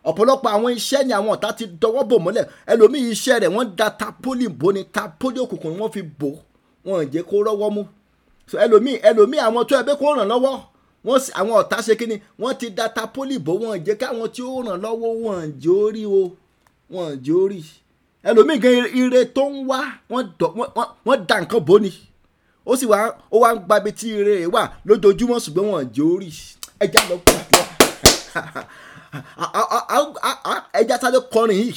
ọ̀pọ̀lọpọ̀ àwọn iṣẹ́ ni àwọn ọ̀tá ti dọwọ́ bò mọ́lẹ̀ ẹlòmíì iṣẹ́ rẹ̀ wọ́n da tapoli bò ni tapoli òkùnkùn wọ́n fi bò wọn ò jẹ́ kó rọ́wọ́ mú so ẹlòmíì ẹlòmíì àwọn tó ẹgbẹ́ kó ràn lọ́wọ́ wọ́n sì àwọn ọ̀tá ṣe kí ni wọ́n ti da tapoli bò wọn ò jẹ́ káwọn tí ó ràn lọ́wọ́ wọn ò jẹ́ orí o wọn ò jẹ́ orí ẹlòmíì gan ire tó ń wá wọ́n da nǹkan bò ni ó sì wá ó wá ń gbabi tí ire rẹ̀ wà lójoojúmọ́ ṣùgbọ́n wọn ò jẹ́ orí ẹja lọ gbàdúrà ẹja sáré kọrin yìí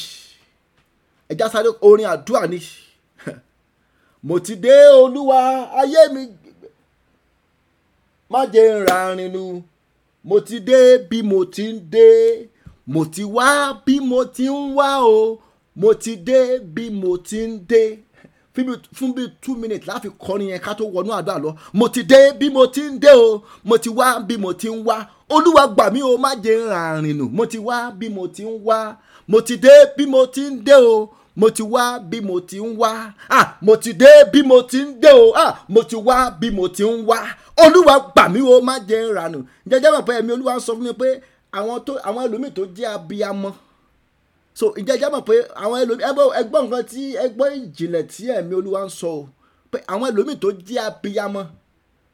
ẹja sáré orin àdúrà ni mo ti dé olúwa ayé mi má jẹ́ ń ra rinnu mo ti dé bí mo ti ń dé mo ti wá bí mo ti ń wá o mo ti dé bí mo ti ń dé fún bíi two minutes láfi kọrin yẹn ká tó wọnú àdúrà lọ mo ti dé bí mo ti ń dé o mo ti wá bí mo ti ń wá olúwa gbà mí o má jẹ́ ràrìn nù mo ti wá bí mo ti ń wá mo ti dé bí mo ti ń dé o mo ti wá bí mo ti ń wá ah mo ti dé bí mo ti ń dé o ah mo ti wá bí mo ti ń wá olúwa gbà mí o má jẹ́ ràrìn nù jẹjẹrẹ pé ẹ̀mí olúwa sọ fún mi pé àwọn ẹlòmíì tó jẹ́ abiyamọ so ìjẹjẹ mọ̀ pé àwọn ẹlòmíì ẹgbọ́n nǹkan tí ẹgbọ́n ìjìnlẹ̀ tí ẹ̀mí olúwa ń sọ o pé àwọn ẹlòmíì tó jẹ́ abiyamọ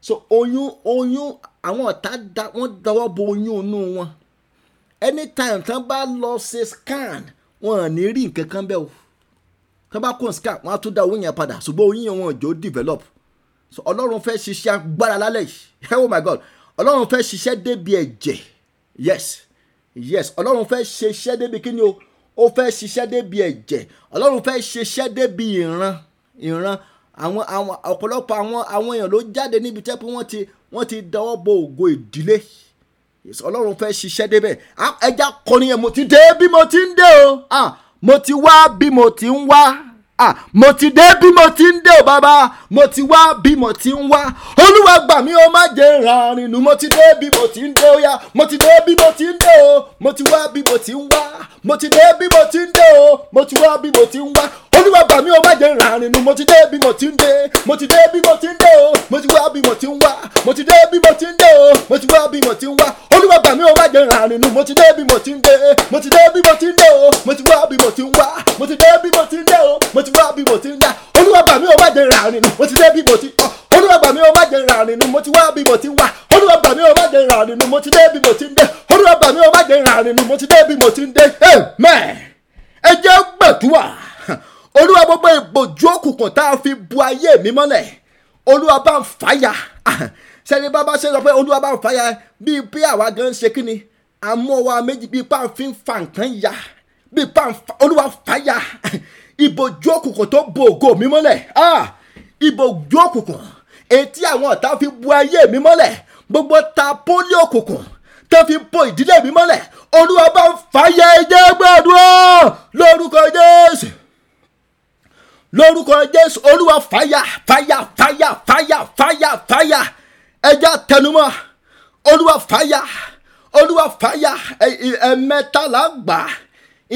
so oyún oyún àwọn ọ̀tá da wọ́n dáwọ́ bo oyún inú wọn anytime tán bá lọ ṣe scan wọn à ní rí nǹkan kan bẹ́ẹ̀ o tán bá kó scan wọn á tún dá oyún yẹn padà ṣùgbọ́n oyún yẹn wọn ò jò develop so ọlọ́run fẹ́ ṣiṣẹ́ agbára lálẹ́ yìí *laughs* oh my god ọlọ́run fẹ́ ṣiṣẹ́ débi ẹ̀jẹ̀ yes yes ọlọ́run fẹ́ ṣiṣẹ́ débi kí ni o ó fẹ́ ṣiṣẹ́ débi ẹ̀jẹ̀ ọlọ́run fẹ́ ṣiṣẹ́ débi ìran ìran àwọn àwọn ọ̀pọ̀lọpọ̀ àwọn àwọn èèyàn ló jáde níbi tẹ́pẹ́ wọ́n ti wọ́n ti dọwọ́ bo ògo ìdílé ọlọ́run fẹ́ ṣiṣẹ́ débẹ̀ ẹja kọrin yẹn mo ti dé bí mo ti ń dé o ah, mo ti wá bí mo ti ń wá ah mo ti dé bí mo ti ń dé o bàbá mo ti wá bí mo ti ń wá olúwa gbà mí o má jẹ́ ràrìnnù mo ti dé bí mo ti ń dé o ya mo ti dé bí mo ti ń dé o mo ti wá bí mo ti ń wá mo ti dé bí mo ti ń dé o mo ti wá bí mo ti ń wá olúwa gbà mí o má jẹ́ ràrìnnù mo ti dé bí mo ti ń dé mo ti dé bí mo ti ń dé o mo ti wá bí mo ti ń wá mo ti dé bí mo ti ń dé o mo ti wá bí mo ti ń wá olúwa gbà mí o má jẹ́ ràrìnnù mo ti dé bí mo ti ń dé mo ti dé bí mo ti ń dé o mo ti wá bí mo ti ń wá mo ti dé bí mo ti ń dé o mo ti wá bí mo ti ń yá olúwa gbà mí o má jẹ́ ràrìn mo ti dé bí mo ti kọ́ olúwa gbà mí o má jẹ́ ràrìn mo ti wá bí mo ti wá olúwa gbà mí o má jẹ́ ràrìn mo ti dé bí mo ti ń dé olúwa gbà mí o má jẹ́ ràrìn mo ti dé bí mo ti ń dé ẹ jẹ́ gbàdúrà olúwa gbogbo ìbòjú òkùnkùn tá a fi bu ayé mi mọ́lẹ̀ olúwa bá ń fàyà sẹ́ni bábá ṣe sọ pé olúwa bá ń fàyà bíi bí àwa gan ṣe kí ni àmọ́ wa méjì bíi bá ń fi ń fa nǹkan ya bíi bá olúwa fàyà ìbòjú òkùnkùn tó bo mi mọ́lẹ̀ ah ìbòjú òkùnkùn etí àwọn ọ̀tá fi bu ayé mi mọ́lẹ̀ gbogbo ta pólí òkùnkùn tó fi bo ìdílé mi mọ́lẹ̀ olúwa bá ń fàyè ẹ̀jẹ̀ gbàdúrà lórúkọ jésù lórúkọ jésù olúwa fàyà fàyà fàyà fàyà fàyà fàyà ẹ̀jẹ̀ tẹnumọ́ olúwa fàyà olúwa fàyà ẹ̀ẹ̀mẹ́ta là ń gbà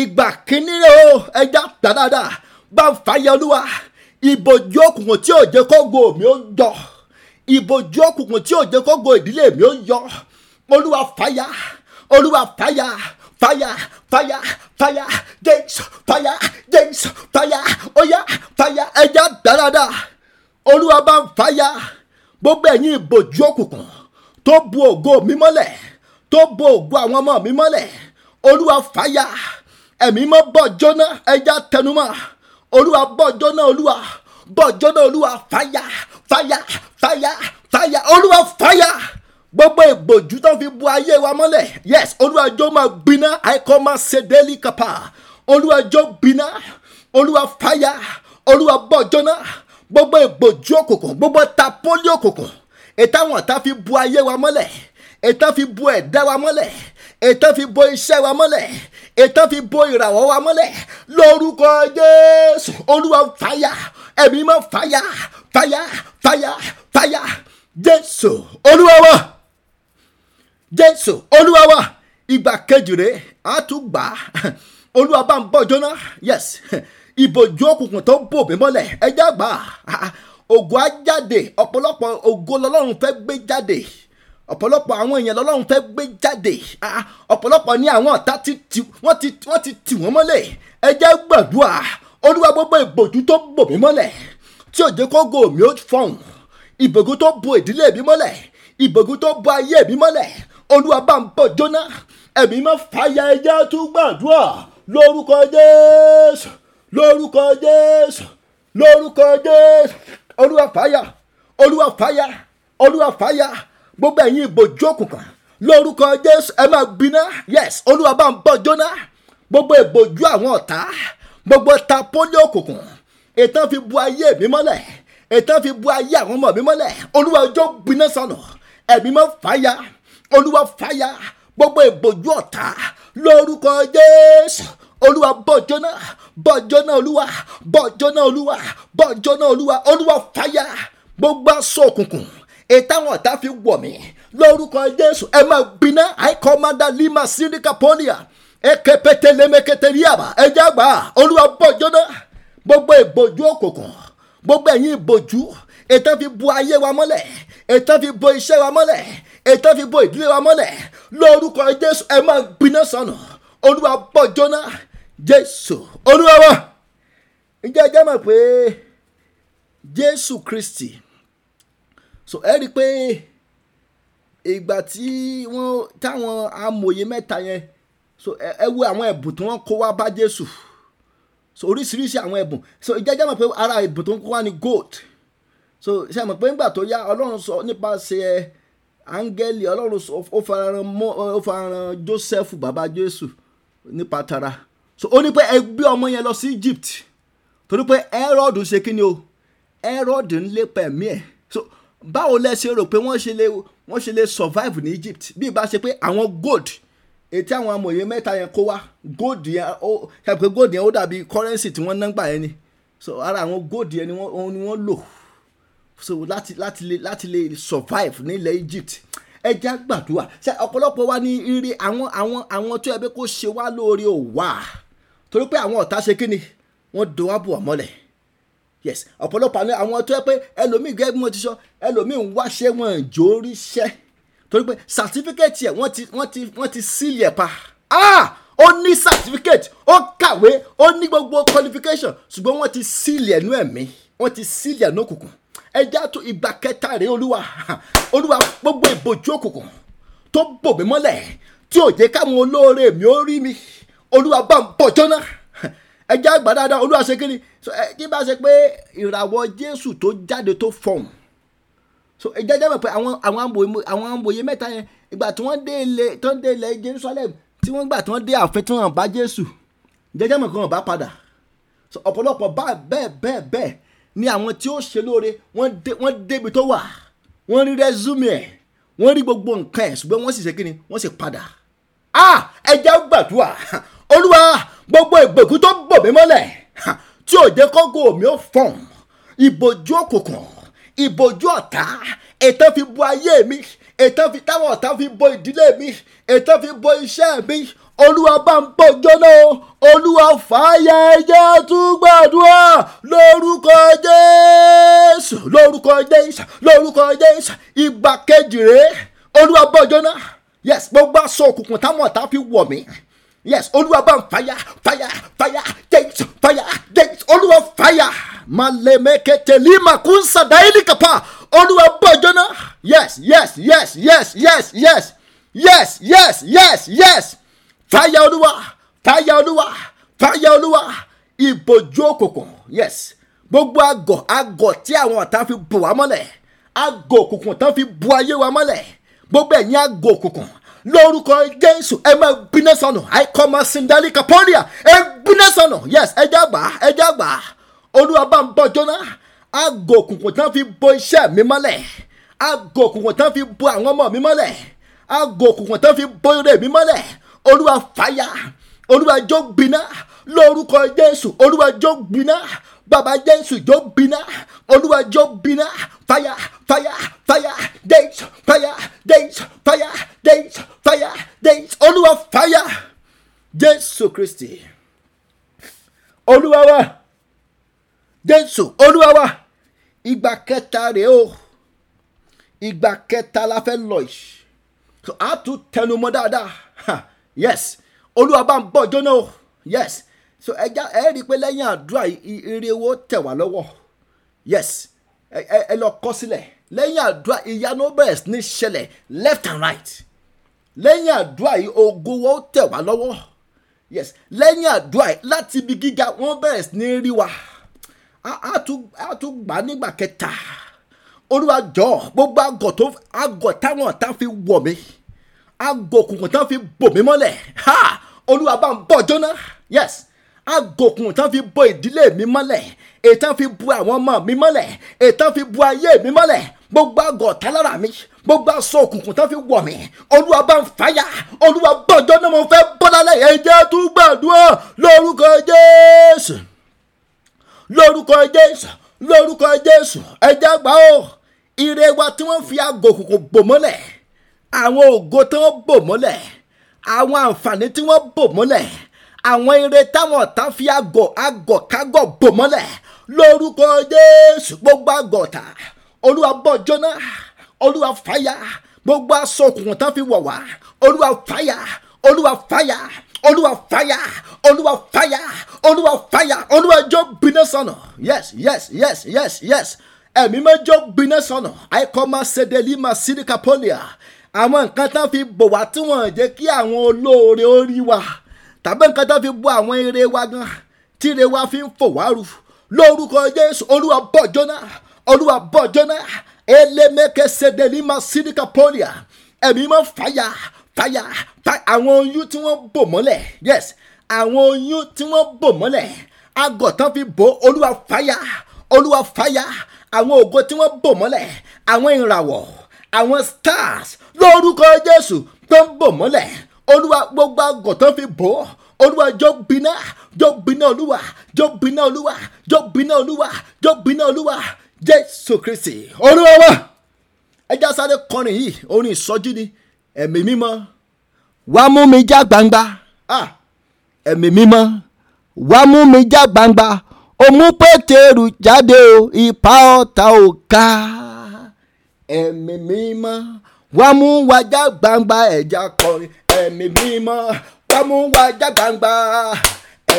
ìgbà kínní rẹ o ẹja gbà dáadáa gbàǹfààyà olúwa ìbòjú òkùnkùn tí òjẹ́ kógo mi ó yọ ìbòjú òkùnkùn tí òjẹ́ kógo ìdílé mi ó yọ olúwa fàyà olúwa fàyà fàyà fàyà fàyà james fàyà james fàyà oya fàyà ẹja dáradára olúwa bá ń fàyà gbogbo ẹ̀yin ìbòjú òkùnkùn tó bu ògo mi mọ́lẹ̀ tó bo ògo àwọn ọmọ mi mọ́lẹ̀ olúwa fàyà ẹ̀mí mọ́ bọ̀ jóná ẹja tẹnumọ́ olúwa bọ́jọ́ náà olúwa bọ́jọ́ náà olúwa fàyà fàyà fàyà fàyà olúwa fàyà gbogbo ìgbòjú tó fi bu ayé wa mọ́lẹ̀ yes olúwa jọ̀ọ́ máa gbiná àìkọ́ máa ṣe délì kápá olúwa jọ̀ọ́ gbiná olúwa fàyà olúwa bọ́jọ́ náà gbogbo ìgbòjú òkùnkùn gbogbo ta pólí òkùnkùn ètàwọn ta fi bu ayé wa mọ́lẹ̀ ètà fi bu ẹ̀dá wa mọ́lẹ̀ ètò fi bo iṣẹ́ wa mọ́lẹ̀ ètò fi bo ìràwọ̀ wa mọ́lẹ̀ lórúkọ Jésù olúwa fàyà ẹ̀mí mọ́ fàyà fàyà fàyà fàyà Jésù olúwa wa Jésù olúwa wa ìgbà kejì àtúgbà olúwa bá ń bọ̀ jóná yes ìbòjú òkùnkùn tó ń bò mí mọ́lẹ̀ ẹjẹ́ àgbà ògo á ọ̀pọ̀lọpọ̀ ògo lọ́lọ́run fẹ́ gbé jáde ọ̀pọ̀lọpọ̀ àwọn èèyàn lọ́lọ́run fẹ́ gbé jáde ah, ọ̀pọ̀lọpọ̀ ní àwọn ọ̀tá wọ́n ti tì wọ́n mọ́lẹ̀ ẹ jẹ́ gbàdúrà olúwa gbogbo ìbòjú tó bò mí mọ́lẹ̀ tí òjò kógo mi ó fọ̀hún ìbòjú tó bo ìdílé mi mọ́lẹ̀ ìbòjú tó bo ayé mi mọ́lẹ̀ olúwa bá ń bọ̀ jóná ẹ̀mí mọ́ fàyà ẹja tún gbàdúrà lórúkọ jésù lórúkọ jésù lórúkọ jésù olúwa fàyà olúwa fàyà olúwa fàyà gbogbo ẹ̀yin ìbòjú òkùnkàn lórúkọ jésù ẹ máa gbiná yes olúwa bá ń bọ̀ jóná gbogbo ìbòjú àwọn ọ̀tá gbogbo tapọ́lé òkùnkùn ètàn fi bu ayé mi mọ́lẹ̀ ètàn fi bu ayé àwọn ọmọ mi mọ́lẹ̀ olúwa ọjọ́ gbiná sọnù ẹ̀mí mọ́ fàyà olúwa fàyà gbogbo ìbòjú ọ̀tá lórúkọ jésù olúwa bọ̀jọ́ náà bọ̀jọ́ náà olúwa bọ̀jọ́ náà olúwa bọ̀jọ́ náà olúwa olúwa fàyà gbogbo aṣọ òkùnkùn ètàwọn ọ̀tá fi wọ̀ mí lórúkọ jésù ẹ máa gbiná àìkọ́ mada lima síríkà pọ́nìyà ẹ̀kẹ́ pétélémẹ́kẹ́tẹ́ rí àbá ẹ̀jẹ̀ àgbà olúwa bọ̀ jóná gbogbo ìbòjú òkùnkùn gbogbo ẹ̀yìn ìbòjú ètò fi bo ayé wa mọ́lẹ̀ ètò fi bo iṣẹ́ wa mọ́lẹ̀ ètò fi bo ìdílé wa mọ́lẹ̀ lórúkọ jésù ẹ máa gbiná sọnù olúwa bọ̀ jóná jésù olúwa wa ǹjẹ́ mọ̀ pé jésù kristi so ẹ rí i pé ìgbà tí wọ́n táwọn amòye mẹ́ta yẹn so ẹ wo àwọn ẹ̀bùn tí wọ́n kó wá bá Jésù so oríṣiríṣi àwọn ẹ̀bùn so ìjẹ́jẹ́ mọ̀ pé ara ẹ̀bùn tó ń kó wá ni gold so ṣe mọ̀ pé nígbà tó yá Ọlọ́run sọ nípasẹ̀ ẹ̀ áńgẹ́lì ọlọ́run ó farahàn mọ́ ó farahàn joseph Baba jésù nípa tara so ó ní pé ẹ gbé ọmọ yẹn lọ sí egypt torí pé herod ṣe kí ni o herod ń lépa ẹ̀mí ẹ̀ so báwo lẹ ṣe rò pé wọ́n ṣe lè wọ́n ṣe lè survive ní Egypt bí ìbá ṣe pé àwọn gold ètí àwọn amòye mẹ́ta yẹn kó wá gold yẹn ó ẹ gold yẹn ó dàbí currency tí wọ́n ná gbà yẹn ni so ara àwọn gold yẹn ni wọ́n ni lò so láti láti lè láti lè survive nílẹ̀ Egypt ẹ já gbàdúrà ṣe ọ̀pọ̀lọpọ̀ wa ní rí àwọn àwọn àwọn tó yẹ pé kó ṣe wá lóore ò wá torí pé àwọn ọ̀tá ṣe kí ni wọ́n do wá bò mọ́lẹ̀ yes ọ̀pọ̀lọpọ̀ àwọn tó yẹ pé ẹlòmíì gẹ́gẹ́ bí wọ́n ti sọ ẹlòmíì ń wáṣẹ́ wọn ìjó ríṣẹ́ torí pé sàtífíkẹ́ẹ̀tì ẹ̀ wọ́n ti wọ́n ti wọ́n ti sílì ẹ̀ pa ah ó ní sàtífíkẹ́ẹ̀tì ó kàwé ó ní gbogbo qualification ṣùgbọ́n wọ́n ti sílì ẹ̀nú ẹ̀mí wọ́n ti sílì ẹ̀nú òkùnkùn ẹja tó ìgbà kẹta rèé olúwa olúwa gbogbo ìbòjú òkùnkùn tó bò mí mọ́lẹ̀ tí ò káwọn olóore mi ó rí mi olúwa bá ń bọ̀ jọ́nà ẹ jẹ́ àgbà dáadáa olúwa ṣe kí ni kí bá ṣe pé ìràwọ̀ jésù tó jáde tó fọ̀hún so ẹ jẹ́ jẹ́mọ̀ pé àwọn àwọn amòye àwọn amòye mẹ́ta yẹn ìgbà tí wọ́n dé ilé tí wọ́n dé ilẹ̀ jerusalem tí wọ́n gbà tí wọ́n dé àfẹ́ tí wọ́n bá jésù jẹ́jẹ́ mọ̀ kí wọ́n bá padà so ọ̀pọ̀lọpọ̀ bẹ́ẹ̀ bẹ́ẹ̀ bẹ́ẹ̀ ni àwọn tí ó ṣe lóore wọ́n dé wọ́n débi tó wà wọ́n rí rẹ́súmì ẹ̀ wọ́n rí gbogbo nǹkan ẹ̀ ṣùgbọ́n wọ́n sì ṣe kí ni wọ́n sì padà ah ẹ jẹ́ gbàdúrà olúwa gbogbo ìgbèkú tó bò mí mọ́lẹ̀ tí òde kọ́gò mi ò fọ̀n ìbòjú òkùnkùn ìbòjú ọ̀tá ètò fi bo ayé mi ètò fi táwọn ọ̀tá fi bo ìdílé mi ètò fi bo iṣẹ́ mi olúwa bá ń pọ̀ jóná olúwa fàáyà ẹjẹ́ tún gbàdúrà lórúkọ jésù lórúkọ jésù lórúkọ jésù ìgbà kejì rèé olúwa bọ̀ jóná yes gbogbo aṣọ òkùnkùn táwọn ọ̀tá fi wọ̀ mí yes olúwa bá ń fàyà fàyà fàyà gate fàyà gate olúwa fàyà malemeketeli makunsa daili kapa olúwa bọjọ náà yes yes yes yes yes yes yes yes yes yes fàyà olúwa fàyà olúwa fàyà olúwa ìbòjú òkùnkùn yes gbogbo àgọ̀ àgọ̀ tí àwọn ọ̀tá fi bò wá mọ́lẹ̀ àgọ̀ òkùnkùn tán fi bu ayé wa mọ́lẹ̀ gbogbo ẹ̀yìn àgọ̀ òkùnkùn lórúkọ jésù ẹ máa gbiná sọnù àìkọ́mọ sindali kapolia ẹ gbiná sọnù yes ẹ já gbà ẹ já gbà olúwa bá ń bọ́ jóná aago òkùnkùn tán fi bo iṣẹ́ mi mọ́lẹ̀ aago òkùnkùn tán fi bo àwọn ọmọ mi mọ́lẹ̀ aago òkùnkùn tán fi bo eré mi mọ́lẹ̀ olúwa fàyà olúwa jó gbiná lórúkọ jésù olúwa jó gbiná Baba jésù jó bínà olúwa jó bínà fire fire fire days fire days fire days fire days olúwa fire jésù kristi olúwa wa jésù olúwa wa ìgbà kẹta rèé o ìgbà kẹta la fẹ́ lọ yìí so a tún tẹnu mọ́ dáadáa yes olúwa bá ń bọ̀ jóná o yes so ẹja ẹ rí i pé lẹ́yìn àdúrà ire owó tẹ̀ wá lọ́wọ́ yes ẹ lọ kọ sílẹ̀ lẹ́yìn àdúrà ìyanu bẹ̀rẹ̀ sí ní ṣẹlẹ̀ left and right lẹ́yìn àdúrà yìí ogowo tẹ̀ wá lọ́wọ́ yes lẹ́yìn àdúrà yìí láti ibi gíga wọ́n bẹ̀rẹ̀ sí ní rí wa a tún gbà nígbà kẹta olúwa jọ gbogbo àgọ́ tó àgọ́ táwọn ọ̀tá fi wọ̀ mí àgọ́ òkùnkùn táwọn fi bò mí mọ́lẹ̀ ha olúwa bá ń bọ̀ jóná yes agòkùn tán fi bo ìdílé mi mọ́lẹ̀ ètàn fi bu àwọn ọmọ mi mọ́lẹ̀ ètàn fi bu ayé mi mọ́lẹ̀ gbogbo àgọ̀ tálára mi gbogbo aṣọ òkùnkùn tán fi wọ̀ mí olúwa bá ń fàyà olúwa bọ̀jọ́ náà mo fẹ́ bọ́lá lẹ́yìn ẹ̀jẹ̀ tún gbàdúrà lórúkọ jésù lórúkọ jésù lórúkọ jésù ẹ̀jẹ̀ àgbà o ire wa tí wọ́n fi àgọ̀ òkùnkùn bò mọ́lẹ̀ àwọn ògo tí wọ́n bò mọ́lẹ̀ àwọn àǹfààní tí wọ́n bò mọ́lẹ̀ àwọn ire táwọn ọ̀tá fi àgọ̀ àgọ̀ kágọ̀ bò mọ́lẹ̀ lórúkọ Jésù gbogbo àgọ̀tà olúwa bọ̀ jóná olúwa fàyà gbogbo asokùn tán fi wọ̀ wá olúwa fàyà olúwa fàyà olúwa fàyà olúwa fàyà olúwa fàyà olúwa jó bínú sọnà yes yes yes yes yes ẹ̀mí mẹ́jọ bínú sọnà àìkọ́ máa ṣèdèlí máa sílíkà pọ́lìà àwọn nǹkan tán fi bò wá tí wọ́n jẹ́ kí àwọn olóore ó rí wa tàbí nǹkan tó fi bu àwọn ire wa gan tí ire wa fi ń fò wá ru lórúkọ Jésù olúwa bọ̀ jóná olúwa bọ̀ jóná elémẹ́kẹsẹ̀dẹ̀lì máa sídìkà pọ́lìà ẹ̀mí máa fàyà fàyà àwọn oyún tí wọ́n bò mọ́lẹ̀ yes àwọn oyún tí wọ́n bò mọ́lẹ̀ agọ̀tán fi bò olúwa fàyà olúwa fàyà àwọn ògo tí wọ́n bò mọ́lẹ̀ àwọn ìràwọ̀ àwọn stars lórúkọ Jésù tó ń bò mọ́lẹ̀ olúwa gbogbo àgọ̀tán fi bò ó olúwa jọ bínà jọ bínà olúwa jọ bínà olúwa jọ bínà olúwa jọ bínà olúwa jésù kristi olúwa wa ẹja sáré kọrin yìí orin ìsọjí ni ẹ̀mí mímọ́ wá mú mi já gbangba ẹ̀mí mímọ́ wá mú mi já gbangba ó mú jáde o ipa ọ̀tá ò ká ẹ̀mí mímọ́ wá mú wa gbangba ẹ̀já kọrin ẹ̀mí mímọ́ wá mú wá já gbangba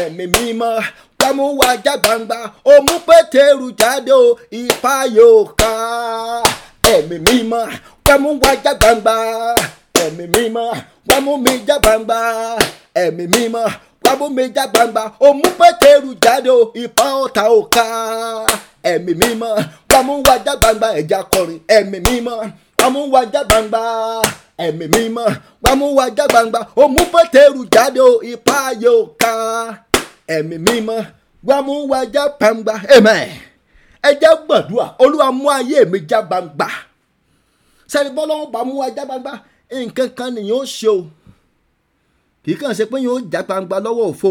ẹ̀mí mímọ́ wá mú wá já gbangba ó mú pétérù jáde o ifá yóò ká ẹ̀mí mímọ́ wá mú wá já gbangba ẹ̀mí mímọ́ wá mú mi já gbangba ẹ̀mí mímọ́ gbàgbó méjà gbangba òmù pétérù jáde o ìpọ́n ọ̀tá òka ẹ̀mí mímọ́ gbàmú wájà gbangba ẹ̀já kọrin ẹ̀mí mímọ́ gbàmú wájà gbangba ẹ̀mí mímọ́ wàmúwájà gbangba òmú pétérù jáde o ipa yóò kan ẹ̀mí mímọ́ wàmúwájà gbangba amen ẹ jẹ́ gbàdúrà olúwa mú ayé mi já gbangba sẹ́ni bọ́lọ́wọ́ bá mú wa já gbangba nǹkan kan nìyẹn ó ṣe o kì kàn ṣe pé yẹn ó já gbangba lọ́wọ́ òfo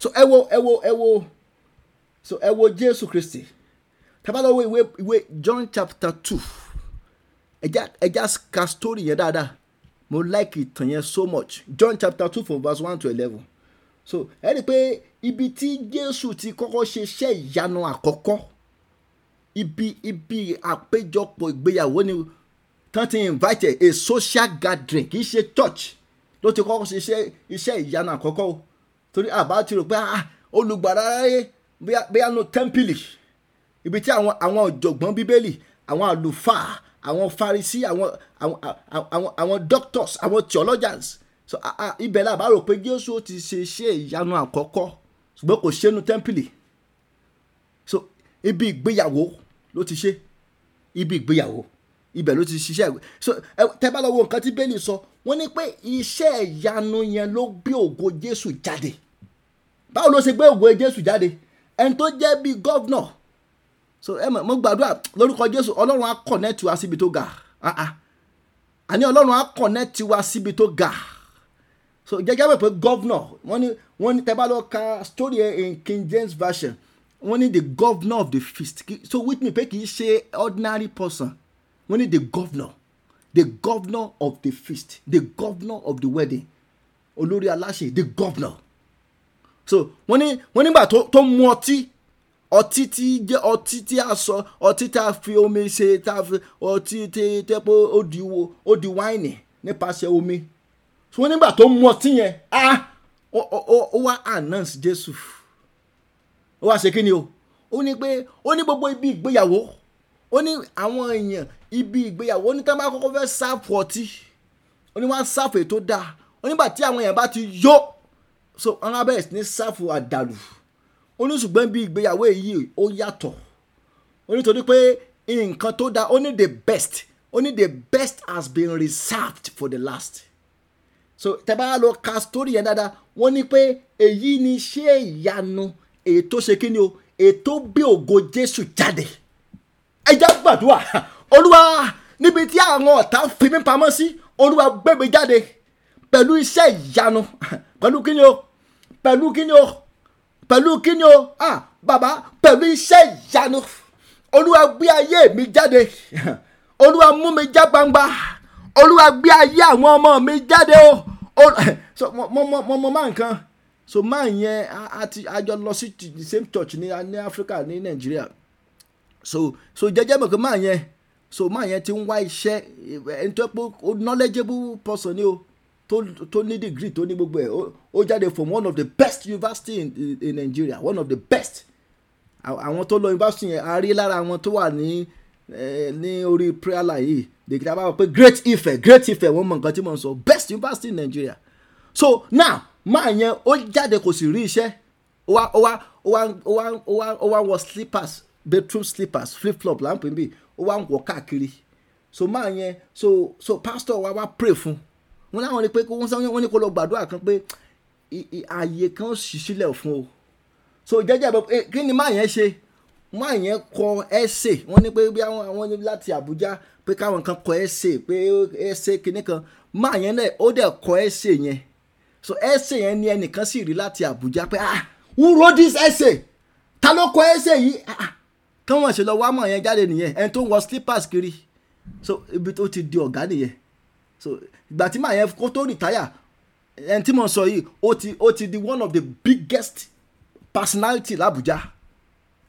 so ẹ wo ẹ wo ẹ wo so ẹ wo jésù kristi tá bá lọ ìwé ìwé john chapter two ẹja ẹja ka story yẹn dáadáa mo like ìtàn yẹn so much John chapter two from verse one to eleven so ẹ rí i pé ibi tí Jésù ti kọ́kọ́ ṣe iṣẹ́ ìyanu àkọ́kọ́ ibi ibi àpéjọpọ̀ ìgbéyàwó ni tán ti invite a social gathering kì í ṣe church ló ti kọ́kọ́ ṣe iṣẹ́ iṣẹ́ ìyanu àkọ́kọ́ o torí àbá ti rò pé ah olùgbàrá ayé bóyá bóyá no tẹ́ḿpìlì ibi tí àwọn àwọn ọ̀jọ̀gbọ́n bíbélì àwọn àlùfáà àwọn Farisí àwọn àwọn àwọn àwọn doctors àwọn theologians so ibẹ̀ la bá rò pé Jésù ó ti ṣe iṣẹ́ ìyanu àkọ́kọ́ ṣùgbọ́n kò ṣe é nu tẹ́ḿpìlì so ibi ìgbéyàwó ló ti ṣe ibi ìgbéyàwó ibẹ̀ ló ti ṣiṣẹ́ ìwé so tẹ́ bá lọ wo nǹkan tí bẹ́ẹ̀lì sọ wọ́n ní pé iṣẹ́ ìyanu yẹn ló gbé ògo Jésù jáde báwo ló ṣe gbé ògo Jésù jáde ẹni tó jẹ́ bíi gọ́vnọ̀ so ẹ mọ̀ mo gbàdúrà lórúkọ jésù ọlọ́run á connect wa síbi tó ga ah, ah. àní ọlọ́run á connect wa síbi tó ga so jẹ́jẹ́ bẹ̀ pé governor wọ́n ní wọ́n ní tẹ́bá lọ ka story in King James version wọ́n ní the governor of the feast so with me pé kì í ṣe ordinary person wọ́n ní the governor the governor of the feast the governor of the wedding olórí aláṣẹ the governor so wọ́n ní wọ́n nígbà tó mú ọtí ọtí tí jẹ́ ọtí tí a sọ ọtí tí a fi omi ṣe tá a fi ọtí tí tẹ́ pé ó di wo ó di wáìnì nípasẹ̀ omi tí wọ́n nígbà tó mu ọtí yẹn á ó wá announce Jésù ó wá ṣe kí ni o ó ní pé ó ní gbogbo ibi ìgbéyàwó ó ní àwọn èèyàn ibi ìgbéyàwó ó ní tí wọ́n bá kọ́kọ́ fẹ́ sáfù ọtí ó ní wọ́n á sáfù èyí dáa ó nígbà tí àwọn èèyàn bá ti yó so wọn á bẹ̀rẹ̀ sí ní sáfù àdàlù ó ní ṣùgbọ́n bí ìgbéyàwó èyí ó yàtọ̀ ó ní torí pé nǹkan tó dáa ó ní the best Only the best has been reserved for the last so tẹ́ bá lọ ka story yẹn dáadáa wọ́n ní pé èyí ni ṣé ìyanu èyí ṣe kí ni o èyí tó gbé ògo Jésù jáde ẹ já gbàdúrà *laughs* olúwa níbi tí àwọn ọ̀tá fi mí pamọ́ sí olúwa gbé jáde pẹ̀lú iṣẹ́ ìyanu *laughs* pẹ̀lú kí ni o pẹ̀lú kí ni o pẹ̀lú kíni o ah bàbá pẹ̀lú iṣẹ́ ìyanu olúwa gbé ayé mi jáde *laughs* olúwa mú mi já gbangba olúwa gbé ayé àwọn ọmọ mi jáde o *laughs* mo mo máa nǹkan so máa yẹn àti àjọ lọ sí the same church ní ní Africa ní Nigeria. so so jẹjẹ mọ̀ pé máa yẹn so máa yẹn ti ń wá iṣẹ́ ẹni tó pé knowledgeable person ni o tó ní degree tó ní gbogbo ẹ̀ ó jáde from one of the best university in, in, Nigeria one of the best àwọn tó lọ university yẹn a rí lára àwọn tó wà ní ní orí prayer line yìí dèkìtà bá wọ pé Great Ife Great Ife wọ́n mọ nǹkan tí mo ń sọ best university in Nigeria so now máa yẹn ó jáde kò sì rí iṣẹ́ ó wá ó wá ó wá ó wá ó wá ó wá wọ slippers bedroom slippers flip flop láǹpẹ̀ bíi ó wá ń wọ káàkiri so máa yẹn so so pastor wa wá pray fún wọ́n láwọn rí pé wọ́n sọ wọ́n ní kó lọ gbàdúrà kan pé ààyè kan ṣì sílẹ̀ fún o so jẹ́jẹ́ bẹ́ẹ̀ eh, kí ni máa yẹn ṣe máa yẹn kọ ẹ́sẹ̀ wọ́n ní pé bí àwọn ní láti Àbújá pé káwọn kan kọ ẹ́sẹ̀ pé ẹ́sẹ̀ kìíní kan máa yẹn náà ó dẹ̀ kọ ẹ́sẹ̀ yẹn so ẹ́sẹ̀ yẹn ni ẹnìkan sì rí láti Àbújá pé ah who wrote this essay ta ló kọ ẹ́sẹ̀ yìí ah káwọn ah. ṣe lọ wá máa yẹn jáde nìyẹn ẹni tó ń wọ slippers kiri so ibi tó ti di ọ̀gá nìyẹn so ìgbà tí Mayev kó tó rìtáyà ẹni tí mo sọ yìí ó ti ó ti di one of the biggest personality làbújá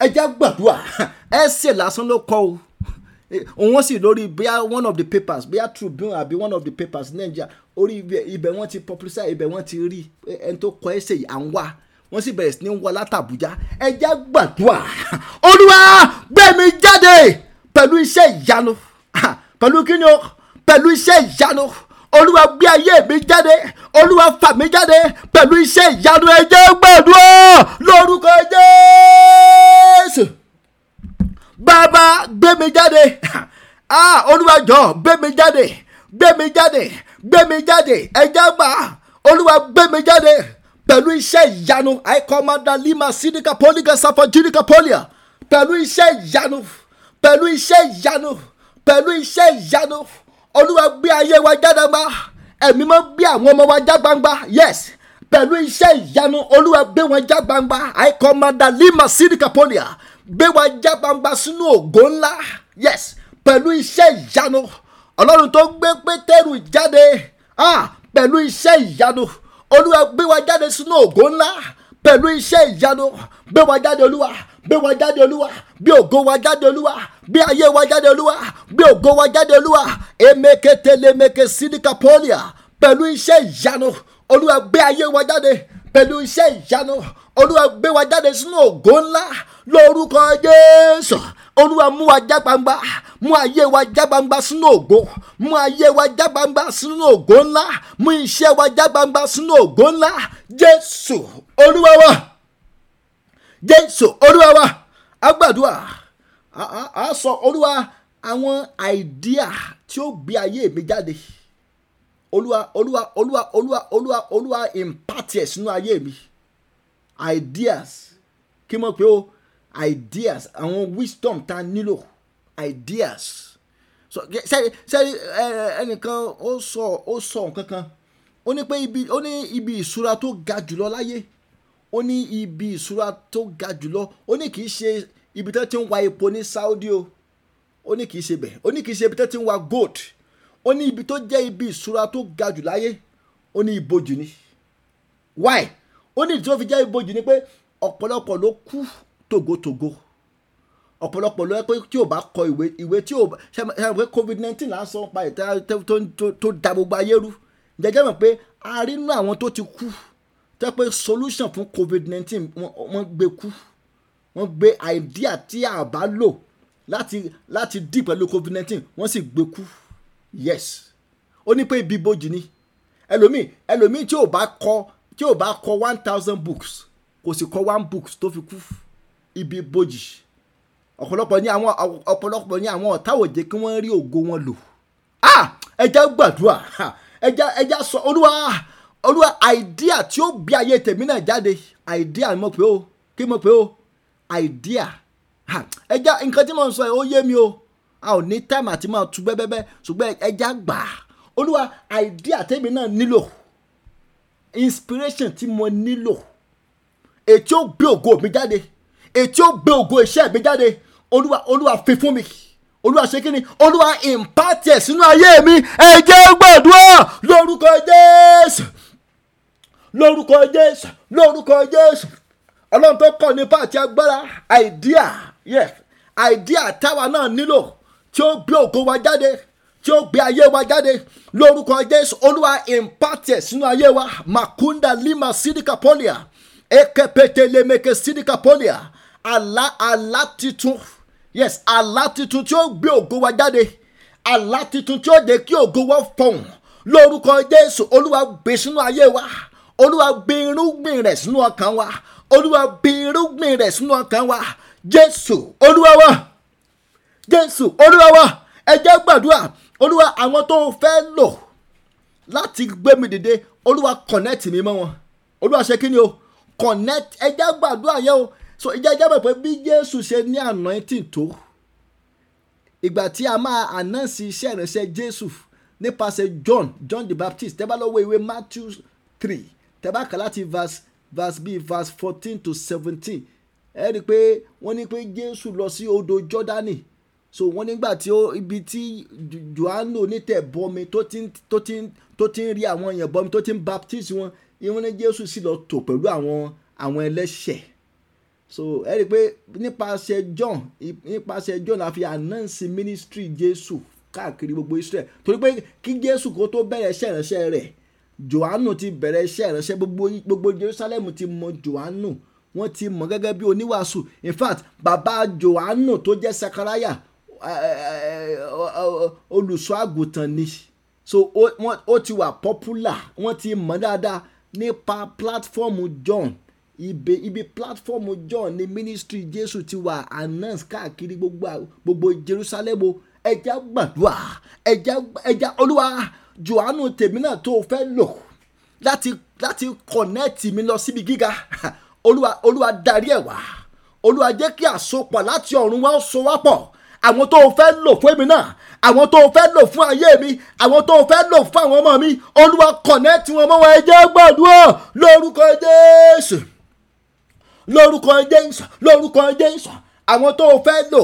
ẹ já gbàdúrà *laughs* ẹ ṣe lásán ló kọ o *laughs* òun sì lórí bíyà one of the papers bíyà Tribune àbí one of the papers Nàìjíríà orí ibẹ̀ wọ́n ti publicize ibẹ̀ wọ́n ti rí ẹni tó kọ ẹsẹ̀ yìí à ń wá wọ́n sì bẹ̀rẹ̀ sí ní wọ látàbújá ẹjẹ́ gbàdúrà *laughs* olúwa gbẹ̀mí jáde pẹ̀lú iṣẹ́ ìyanu pẹ̀lú kíni o pẹ̀lú iṣẹ́ ìyanu olúwa gbé ayé mi jáde olúwa fà mí jáde pẹ̀lú iṣẹ́ ìyanu ẹjẹ́ gbàdúrà lórúkọ jésù bàbá gbé mi jáde *laughs* ah olúwa jọ gbé mi jáde gbé mi jáde gbé mi jáde ẹjẹ́ gbà olúwa gbé mi jáde pẹ̀lú iṣẹ́ ìyanu àìkọ́mọdà lima sídìkà pọ́lìkà sáfọ́ jírìkà pọ́lìà pẹ̀lú iṣẹ́ ìyanu pẹ̀lú iṣẹ́ ìyanu pẹ̀lú iṣẹ́ ìyanu olúwa gbé ayé wa jágbangba ẹ̀mí mọ́ gbé àwọn ọmọ wa jágbangba yes pẹ̀lú iṣẹ́ ìyanu olúwa gbé wọn jágbangba àìkọ́mọdà lima sídìkàpọ́nìà gbé wa jágbangba sínú ògo ńlá yes pẹ̀lú iṣẹ́ ìyanu ọlọ́run tó gbé pétérù jáde ah pẹ̀lú iṣẹ́ ìyanu olúwa gbé wa jáde sínú ògo ńlá pẹ̀lú iṣẹ́ ìyanu gbé wa jáde olúwa gbé wa jáde olúwa gbé ògo wa jáde olúwa gbé ayé wa jáde olúwa gbé ògo wa jáde olúwa emeke telemeke sinika polia pẹ̀lú iṣẹ́ ìyanu olúwa gbé ayé wa jáde pẹ̀lú iṣẹ́ ìyanu olúwa gbé wa jáde sínú ògo ńlá lórúkọ jésù olúwa mú wa já gbangba mú ayé wa já gbangba sínú ògo mú ayé wa já gbangba sínú ògo ńlá mú iṣẹ́ wa já gbangba sínú ògo ńlá jésù olúwa wa jésù olúwa wa agbàdúrà a sọ olúwa àwọn àìdíà tí ó gbé ayé mi jáde olúwa olúwa olúwa olúwa olúwa olúwa impatiẹ̀ sínú ayé mi ideas kí mo pe o ideas àwọn wisdom tá a nílò ideas so sẹ́ni sẹ́ni ẹnìkan ó sọ ó sọ nǹkan kan ó ní pé ibi ó ní ibi ìṣúra tó ga jùlọ láyé ó ní ibi ìṣúra tó ga jùlọ ó ní kì í ṣe ibi tó ti ń wa epo ní Saudi o ó ní kì í ṣe bẹ̀ ó ní kì í ṣe ibi tó ti ń wa gold ó ní ibi tó jẹ́ ibi ìṣúra tó ga jù láyé ó ní ibojì ni why ó ní ìdí tó fi jẹ́ ibojì ni pé ọ̀pọ̀lọpọ̀ ló kú tògótògó ọ̀pọ̀lọpọ̀ ló yẹ pé tí o bá kọ ìwé ìwé tí o bá ṣe pé covid nineteen là ń sọ pa ìta tó da gbogbo ayé rú jẹjẹ mọ̀ pé a rí nínú àwọn tó ti kú tẹ́ pé solution fún covid-19 wọ́n gbé kú wọ́n gbé idea tí a bá lò láti láti dì pẹ̀lú covid-19 wọ́n sì gbé kú yes ó ní pé ibi bojì ni ẹlòmíì ẹlòmíì tí ò bá kọ tí ò bá kọ one thousand books kò sì kọ one book tó fi kú ibi bojì ọ̀pọ̀lọpọ̀ ní àwọn ọ̀pọ̀lọpọ̀ ní àwọn ọ̀tá ò jẹ́ kí wọ́n rí ògo wọn lò ah ẹja gbàdúrà ẹja ẹja sọ olúwa olúwa àìdíà tí ó gbé ayé tèmi náà jáde àìdíà mo pè ó kí mo pè ó àìdíà ẹja nǹkan tí mo sọ ẹ ó yé mi o a ò ní táìmù àti máa tu bẹ́ẹ̀bẹ́ẹ́ ṣùgbọ́n ẹja gbà olúwa àìdíà tèmi náà nílò inspiration tí mo nílò ètí ó gbé ògo mi jáde ètí ó gbé ògo iṣẹ́ mi jáde olúwa olúwa fi fún mi olúwa ṣe kí ni olúwa impart ẹ̀ sínú ayé mi ẹ jẹ́ gbàdúrà lórúkọ jésù lórúkọ jésù lórúkọ jésù ọlọ́run tó kọ̀ nípa àti agbára àìdíà yes àìdíà táwa náà nílò tí ó gbé ògo wa jáde tí ó gbé ayé wa jáde lórúkọ jésù olúwa impacte sínú ayé wa makunda lima sidika polia ekepete lemeke sidika polia àlá titun yes àlá titun tí ó gbé ògo wa jáde àlá titun tí ó jẹ́ kí ògo wa fọ̀hún lórúkọ jésù olúwa gbé sínú ayé wa olúwa gbé irúgbìn rẹ̀ sínú ọkàn wa olúwa gbé irúgbìn rẹ̀ sínú ọkàn wa jésù olúwa wa jésù olúwa wa ẹ jẹ́ gbàdúrà olúwa àwọn tó fẹ́ lò láti gbé mi dìde olúwa connect mi mọ́ wọn olúwa ṣe kí ni o connect ẹ jẹ́ gbàdúrà yẹn o so ìjà ìjà bẹ̀ pé bí jésù ṣe ní anointing tó ìgbà tí a máa announce iṣẹ́ ìrìnsẹ̀ jésù nípasẹ̀ john john the baptist tẹ́ bá lọ wo ìwé matthew three tẹ́bá kà láti verse verse bíi verse fourteen to seventeen ẹ rí i pé wọ́n ní pé Jésù lọ sí odò Jọ́dánì so wọ́n nígbà tí ó ibi tí Jòhánù onítẹ̀ bọmi tó ti tó ti tó ti ń rí àwọn èèyàn bọmi tó ti ń baptise wọn ìwọ́n ní Jésù sì lọ tò pẹ̀lú àwọn àwọn ẹlẹ́ṣẹ̀ so ẹ rí i pé nípasẹ̀ John nípasẹ̀ John la fi announce ministry Jésù káàkiri gbogbo Israel torí pé kí Jésù kó tó bẹ̀rẹ̀ ṣẹ̀ránṣẹ́ rẹ̀ Jòhánù ti bẹ̀rẹ̀ iṣẹ́ ìránṣẹ́ gbogbo Jerusalem ti mọ Jòhánù wọ́n ti mọ̀ gẹ́gẹ́ bí oníwàásù in fact bàbá Jòhánù tó jẹ́ Sakaraya olùṣọ́ àgùntàn ni so ó ti wà popular wọ́n ti mọ̀ dáadáa nípa pílátífọ́ọ̀mù John ibi ibi pílátífọ́ọ̀mù John ni ministry Jésù ti wà announce káàkiri gbogbo Jerusalem o ẹja gbàdúrà ẹja ẹja olúwa ju àánú tèmi náà tó o fẹ́ lò láti láti kọ̀nẹ́ẹ̀tì mi lọ síbi gíga *laughs* olúwa olúwa darí ẹ̀ wá olúwa jẹ́ kí àsopọ̀ láti ọ̀run wá so wá pọ̀ àwọn tó o fẹ́ lò fún èmi náà àwọn tó o fẹ́ lò fún ayé mi àwọn tó o fẹ́ lò fún àwọn ọmọ mi olúwa kọ̀nẹ́ẹ̀tì wọn mọ́ wọn ẹ jẹ́ gbàdúrà lórúkọ jésù lórúkọ jésù lórúkọ jésù àwọn tó o fẹ́ lò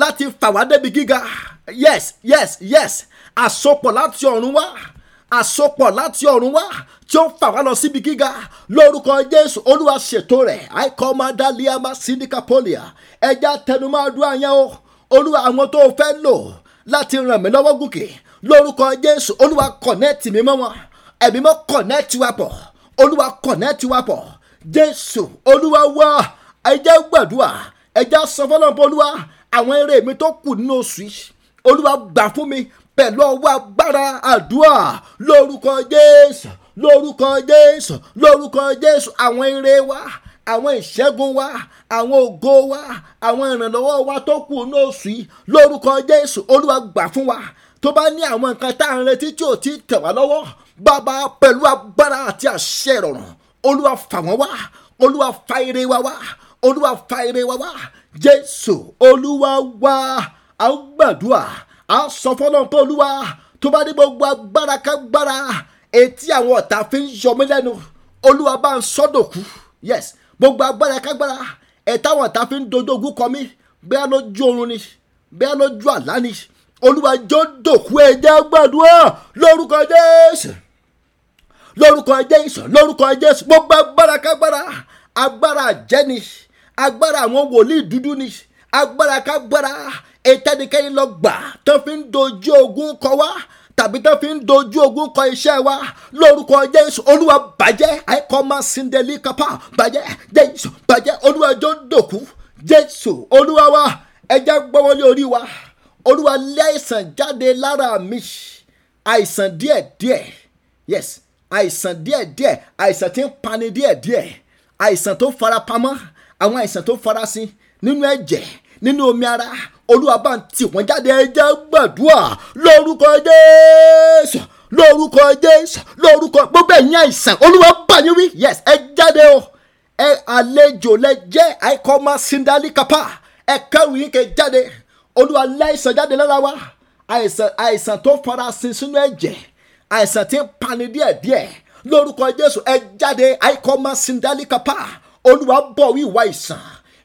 láti fà wá débi gíga yes yes yes àsopọ̀ láti ọ̀run wá àsopọ̀ láti ọ̀run wá tí ó fà wá lọ síbi gíga lórúkọ jésù olúwa ṣètò rẹ̀ àìkọ́mọdálíàmá síndikapolia ẹja tẹnumọ́ àdúrà yẹn o olúwa àwọn tó fẹ́ lò láti ràn mí lọ́wọ́ gòkè lórúkọ jésù olúwa kọ̀nẹ́ẹ̀tì mi mọ́ wọn ẹ̀mí mọ́ kọ̀nẹ́ẹ̀tì wa pọ̀ olúwa kọ̀nẹ́ẹ̀tì wa pọ̀ jésù olúwa wá ẹja gbàdúrà ẹja sọ fọlọ́npọ̀ olúwa àwọn eré mi tó kù nínú oṣù olúwa gbà fún mi pẹ̀lú ọwọ́ agbára àdúrà lórúkọ Jésù lórúkọ Jésù lórúkọ Jésù àwọn ire wa àwọn ìṣẹ́gun wa àwọn ògo wa àwọn ìrànlọ́wọ́ wa tó kù ní oṣù yìí lórúkọ Jésù Olúwa gbà fún wa tó bá ní àwọn nǹkan tá à ń retí tí ò ti tẹ̀ wá lọ́wọ́ bàbá pẹ̀lú agbára àti àṣẹ ìrọ̀rùn Olúwa fà wọ́n wá Olúwa fa ire wa wá Olúwa fa ire wa wá Jésù Olúwa wa a gbàdúrà a sọ fọ́nà pé olúwa tó bá ní gbogbo agbára kágbára etí àwọn ọ̀tá fi ń yọ lẹ́nu olúwa bá ń sọ́dọ̀kú yes gbogbo agbára kágbára ẹ̀tá àwọn ọ̀tá fi ń dojú ogún kọ mí bẹ́ẹ̀ lójú oorun ni bẹ́ẹ̀ lójú àlá ni olúwa jọ dòkú ẹ̀jẹ̀ gbàdúrà lórúkọ jésù lórúkọ jésù lórúkọ jésù gbogbo agbára kágbára agbára àjẹ́ ni agbára àwọn wòlíì dúdú ni agbára kágbára ẹtẹ́nikẹ́ni lọ gbà tó fi ń dojú ogun kọ wá tàbí tó fi ń dojú ogun kọ iṣẹ́ wa lórúkọ jésù olúwa bàjẹ́ àìkọ́ máa sin délé kápá bàjẹ́ jésù bàjẹ́ olúwa jọ dòkú jésù olúwa wa ẹjẹ́ gbọ́wọ́lé orí wa olúwa lé àìsàn jáde lára mi àìsàn díẹ̀díẹ̀ yes àìsàn díẹ̀díẹ̀ àìsàn tí ń pani díẹ̀díẹ̀ àìsàn tó farapamọ́ àwọn àìsàn tó farasin nínú ẹ̀jẹ̀ nínú omi ara olúwa bá ń tì wọ́n jáde ẹ jẹ́ gbàdúrà lórúkọ jésù lórúkọ jésù lórúkọ gbogbo ẹ̀yin àìsàn olúwa bá yín wí yes ẹ jáde o ẹ àlejò lẹ jẹ́ àìkọ́ máa sindali kapa ẹ kẹ́rù yín kẹ́ jáde olúwa láìsàn jáde lára wa àìsàn àìsàn tó farasin sínú ẹ̀jẹ̀ àìsàn tí ń pani díẹ̀díẹ̀ lórúkọ jésù ẹ jáde àìkọ́ máa sindali kapa olúwa bọ̀ wí ìwà àìsàn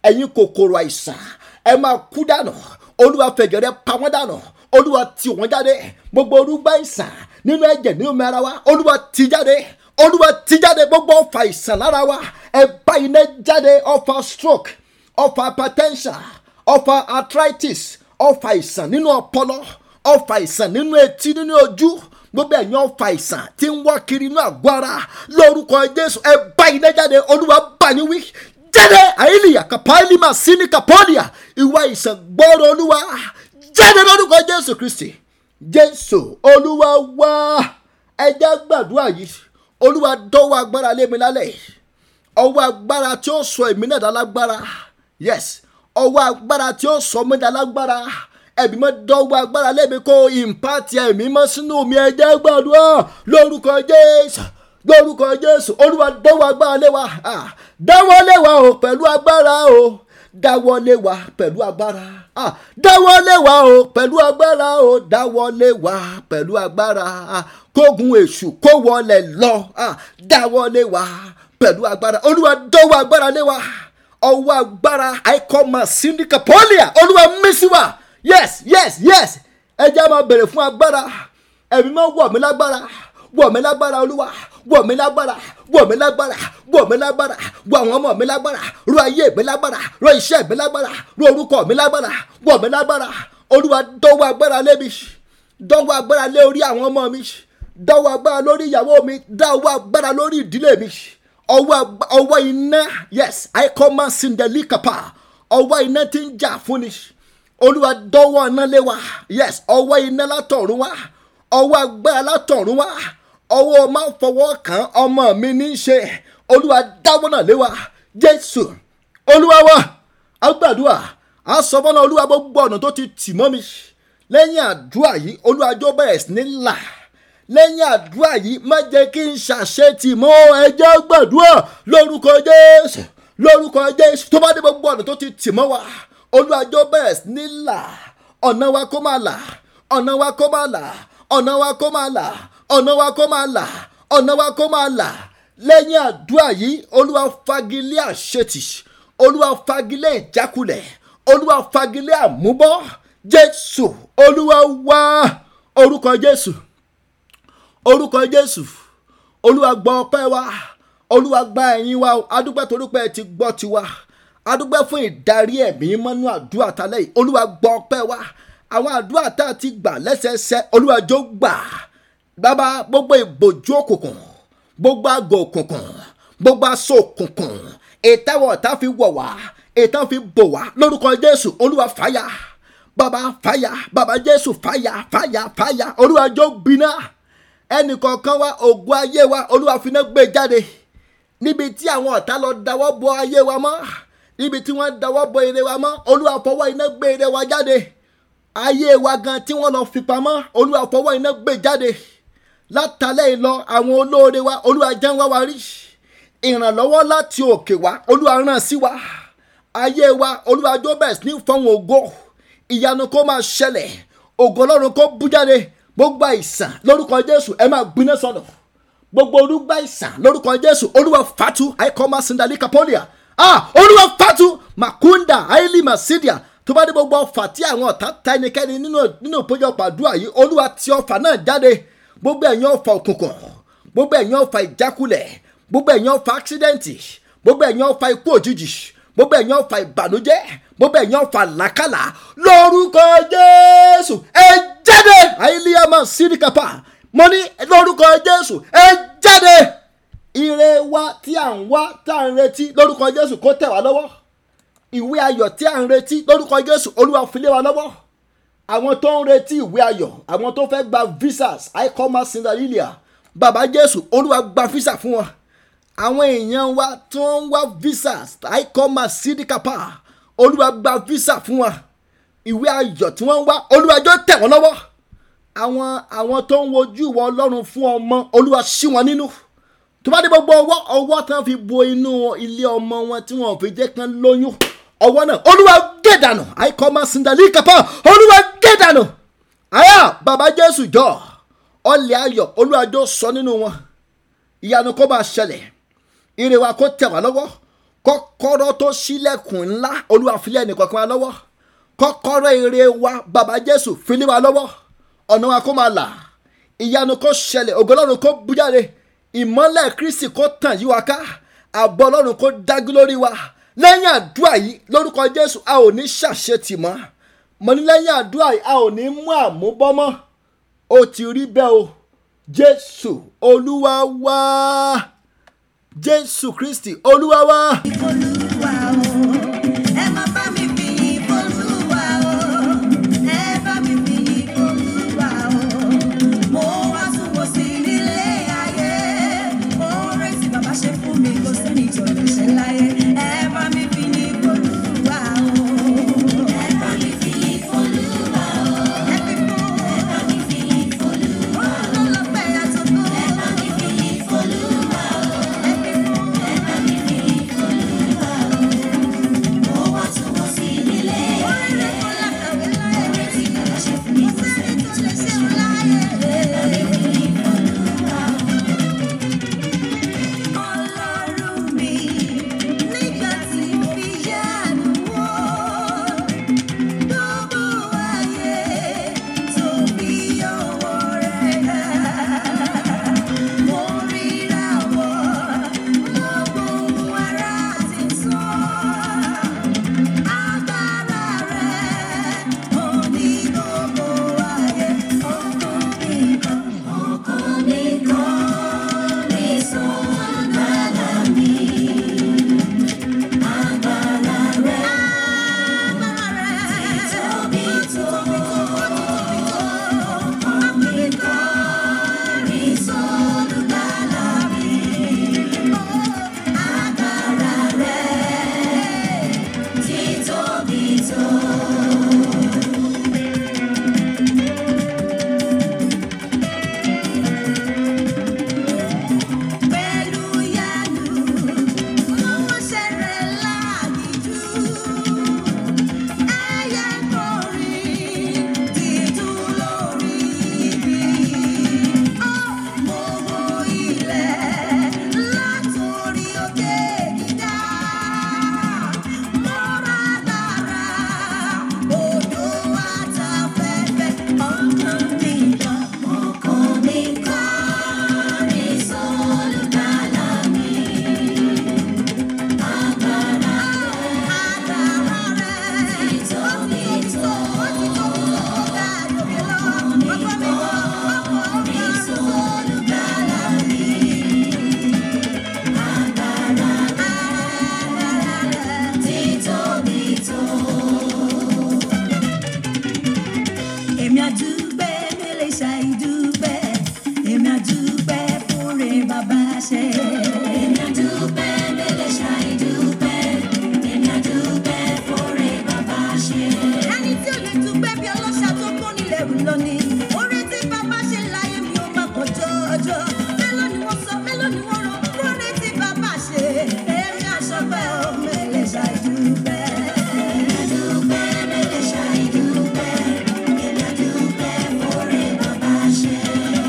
ẹ̀yin kòkòrò àìsàn ẹ máa kú dànù olúwa fẹ̀jẹ̀ rẹ pa wọ́n dànù olúwa tì wọ́n jáde gbogbo olúgbà ìsàn nínú ẹ̀jẹ̀ nínú ara wa olúwa tì jáde olúwa tì jáde gbogbo ọfà ìsàn lára wa ẹ bá iná jáde ọfà stroke ọfà hypertension ọfà arthritis ọfà ìsàn nínú ọpọlọ ọfà ìsàn nínú etí nínú ojú gbogbo ẹ̀yin ọfà ìsàn tí ń wá kiri inú àgọ́ ara lórúkọ jésù ẹ bá iná jáde olúwa bá yín wí jáde àìlìyà kàpáìlì màsínì kàpọ́ọ̀lìyà ìwà ìsàn gbọ́rọ̀ olúwa jáde lórúkọ jésù kristi jésù olúwa wá ẹjẹ gbàdúrà yìí olúwa dọ́wọ́ agbára lé mi lálẹ́ ọwọ́ agbára tí ó sọ èmi náà dálágbára yes ọwọ́ agbára tí ó sọ mí dálágbára ẹ̀mí mọ́ dọ́wọ́ agbára lé mi kó ìmpáàtì ẹ̀mí mọ́ sínú mi ẹjẹ gbàdúrà lórúkọ jésù lórúkọ jésù olúwa dọ́wọ́ agbára lé wa ah, dọ́wọ́ lé wa o pẹ̀lú agbára o dáwọ́lé wa pẹ̀lú agbára ah dáwọ́lé wa o pẹ̀lú agbára o dáwọ́lé wa pẹ̀lú agbára ah kógun èṣù kó wọlé lọ ah dáwọ́lé wa pẹ̀lú agbára olúwa dọ́wọ́ agbára lé wa ọwọ́ agbára àìkọ́mà síndíkà pọ́lìà olúwa mísíwà yes yes yes ẹ jẹ́ máa bèrè fún agbára ẹ̀mí máa wọ̀ mí lágbára wọ̀ mí lágbára olúwa wọ̀ mí lágbára wọ̀ mí lágbára wọ̀ mí lágbára wọ̀ àwọn ọmọ mi lágbára rọ ayé mi lágbára rọ iṣẹ́ mi lágbára rọ orúkọ mi lágbára wọ̀ mí lágbára olúwa dọ́wọ́ agbára lé mi dọ́wọ́ agbára lé orí àwọn ọmọ mi dọ́wọ́ agbára lórí ìyàwó mi dọ́wọ́ agbára lórí ìdílé mi ọwọ́ iná yes i command sindelikapa ọwọ́ iná ti ń jà fún ni olúwa dọ́wọ́ iná lé wa yes ọwọ́ iná látọ̀run wa ọwọ́ agbára látọ̀run wa ọwọ́ máa fọwọ́ kàn ọmọ mi ní í ṣe olúwa dáwọ́ náà léwa jésù olúwa wa a gbàdúrà a sọ fọ́nà olúwa gbogbo ọ̀nà tó ti tì mọ́ mi lẹ́yìn àdúrà yìí olúwa jó bẹ̀rẹ̀ sí ní là lẹ́yìn àdúrà yìí má jẹ́ kí n ṣàṣetì mọ́ ẹjẹ́ gbàdúrà lórúkọ jésù lórúkọ jésù tó bá dé gbogbo ọ̀nà tó ti tì mọ́ wa olúwa jó bẹ̀rẹ̀ sí ní là ọ̀nà wa kó máa là ọ̀nà wa kó máa là ọ̀nà wa kó máa là ọ̀nà wa kó máa là ọ̀nà wa kó máa là lẹ́yìn àdúrà yìí olúwa fagilé àṣetì olúwa fagilé ìjákulẹ̀ olúwa fagilé àmúbọ́ jésù olúwa wá orúkọ jésù orúkọ jésù olúwa gbọ́ ọpẹ́ wa olúwa gba ẹ̀yìn wa adúgbò torúpẹ́ ti gbọ́ tiwa adúgbò fún ìdarí ẹ̀mí mọ́nú àdúrà tálẹ̀ yìí olúwa gbọ́ ọpẹ́ wa àwọn àdúrà tá a ti gbà lẹ́sẹẹsẹ olúwa jó gbà bàbá gbogbo ìbòjú òkùnkùn gbogbo àgọ́ òkùnkùn gbogbo aṣọ òkùnkùn ìtawọ̀ ọ̀tá fi wọ̀ wá ìtàn fi bò wá lórúkọ Jésù Olúwa fàyà bàbá fàyà bàbá Jésù fàyà fàyà fàyà Olúwa jó gbiná ẹnì kọ̀ọ̀kan wa ògùn ayé wa Olúwa finá gbé jáde níbi tí àwọn ọ̀tá lọ dáwọ́ bò ayé wa mọ́ níbi tí wọ́n dáwọ́ bò ire wa mọ́ Olúwa fọwọ́ iná gbé ire wa jáde ayé wa gan tí wọ́n lọ fi pamọ́ Olúwa fọwọ́ iná gbé jáde látàlẹ́ ìlọ àwọn olóore wa olúwa jẹ́ ń wá wa rí ìrànlọ́wọ́ láti òkè wá olúwa ràn sí wa ayé wa olúwa jó bẹ̀rẹ̀ sí ní fọ́n ògo ìyanu kó máa ṣẹlẹ̀ ògo ọlọ́run kó bú jáde gbogbo àìsàn lórúkọ jésù ẹ máa gbiná sọ̀nà gbogbo olúgbà àìsàn lórúkọ jésù olúwa fatu àìkọ́má sindali kapolia ah olúwa fatu makunda aili masidia tó bá dé gbogbo ọfà tí àwọn ọ̀tá ta ẹnikẹ́ni nínú ìpéjọpọ̀ àdúrà yìí olúwa ti ọfà náà jáde gbogbo ẹ̀yin ọ̀fà òkùnkùn gbogbo ẹ̀yin ọ̀fà ìjákulẹ̀ gbogbo ẹ̀yin ọ̀fà àksidẹ́ǹtì gbogbo ẹ̀yin ọ̀fà ikú òjijì gbogbo ẹ̀yin ọ̀fà ìbànújẹ́ gbogbo ẹ̀yin ọ̀fà làkàlà lórúkọ jésù ẹ jáde àìlíyàmọ sídìkápá mo ní lórúkọ jésù ẹ jáde ire wa tí à ń wá tá à ń retí lórúkọ jésù kó tẹ̀ wá lọ́wọ́ ìwé ayọ̀ tí à ń retí lórúkọ jésù olúwa fi lé wa lọ́wọ́ àwọn tó ń retí ìwé ayọ̀ àwọn tó fẹ́ gba visas icoma sinalilia bàbá jésù olúwa gba visa fún wọn àwọn èèyàn wa tó ń wá visas icoma sidikapa olúwa gba visa fún wọn ìwé ayọ̀ tí wọ́n ń wá olúwa jọ tẹ̀ wọ́n lọ́wọ́ àwọn àwọn tó ń wojú ìwọ ọlọ́run fún ọmọ olúwa ṣí wọn nínú tó bá dé gbogbo ọwọ́ ọwọ́ tán fi bo inú ilé ọmọ wọn tí wọn ò fi jẹ́ kán lóyún ọwọ́ náà olúwa gé dànù àìkọ́ máa sindali kápá olúwa gé dànù àyà bàbá jésù jọ ọlẹ̀ ayọ̀ olúwàjọ́ sọ nínú wọn ìyanu kó máa ṣẹlẹ̀ ire wa kó tẹ̀ wá lọ́wọ́ kọ́kọ́rọ́ tó ṣílẹ̀kùn ńlá olúwa filẹ̀ nìkankan wa lọ́wọ́ kọ́kọ́rọ́ ire wa bàbá jésù filẹ̀ wa lọ́wọ́ ọ̀nà wa kó máa là ìyanu kó ṣẹlẹ̀ ògbọ́lọ́run kó bújáde ìmọ́lẹ̀ kristi kó tàn yí wa ká àbọ̀ ọlọ́run kó wa lẹ́yìn àdúrà yìí lórúkọ jésù a ò ní ṣàṣetì mọ́ mo ní lẹ́yìn àdúrà yìí a ò ní mú àmúbọ́ mọ́ ó ti rí bẹ́ẹ̀ o jésù olúwa wá jésù kristi olúwa wá. olúwa wá.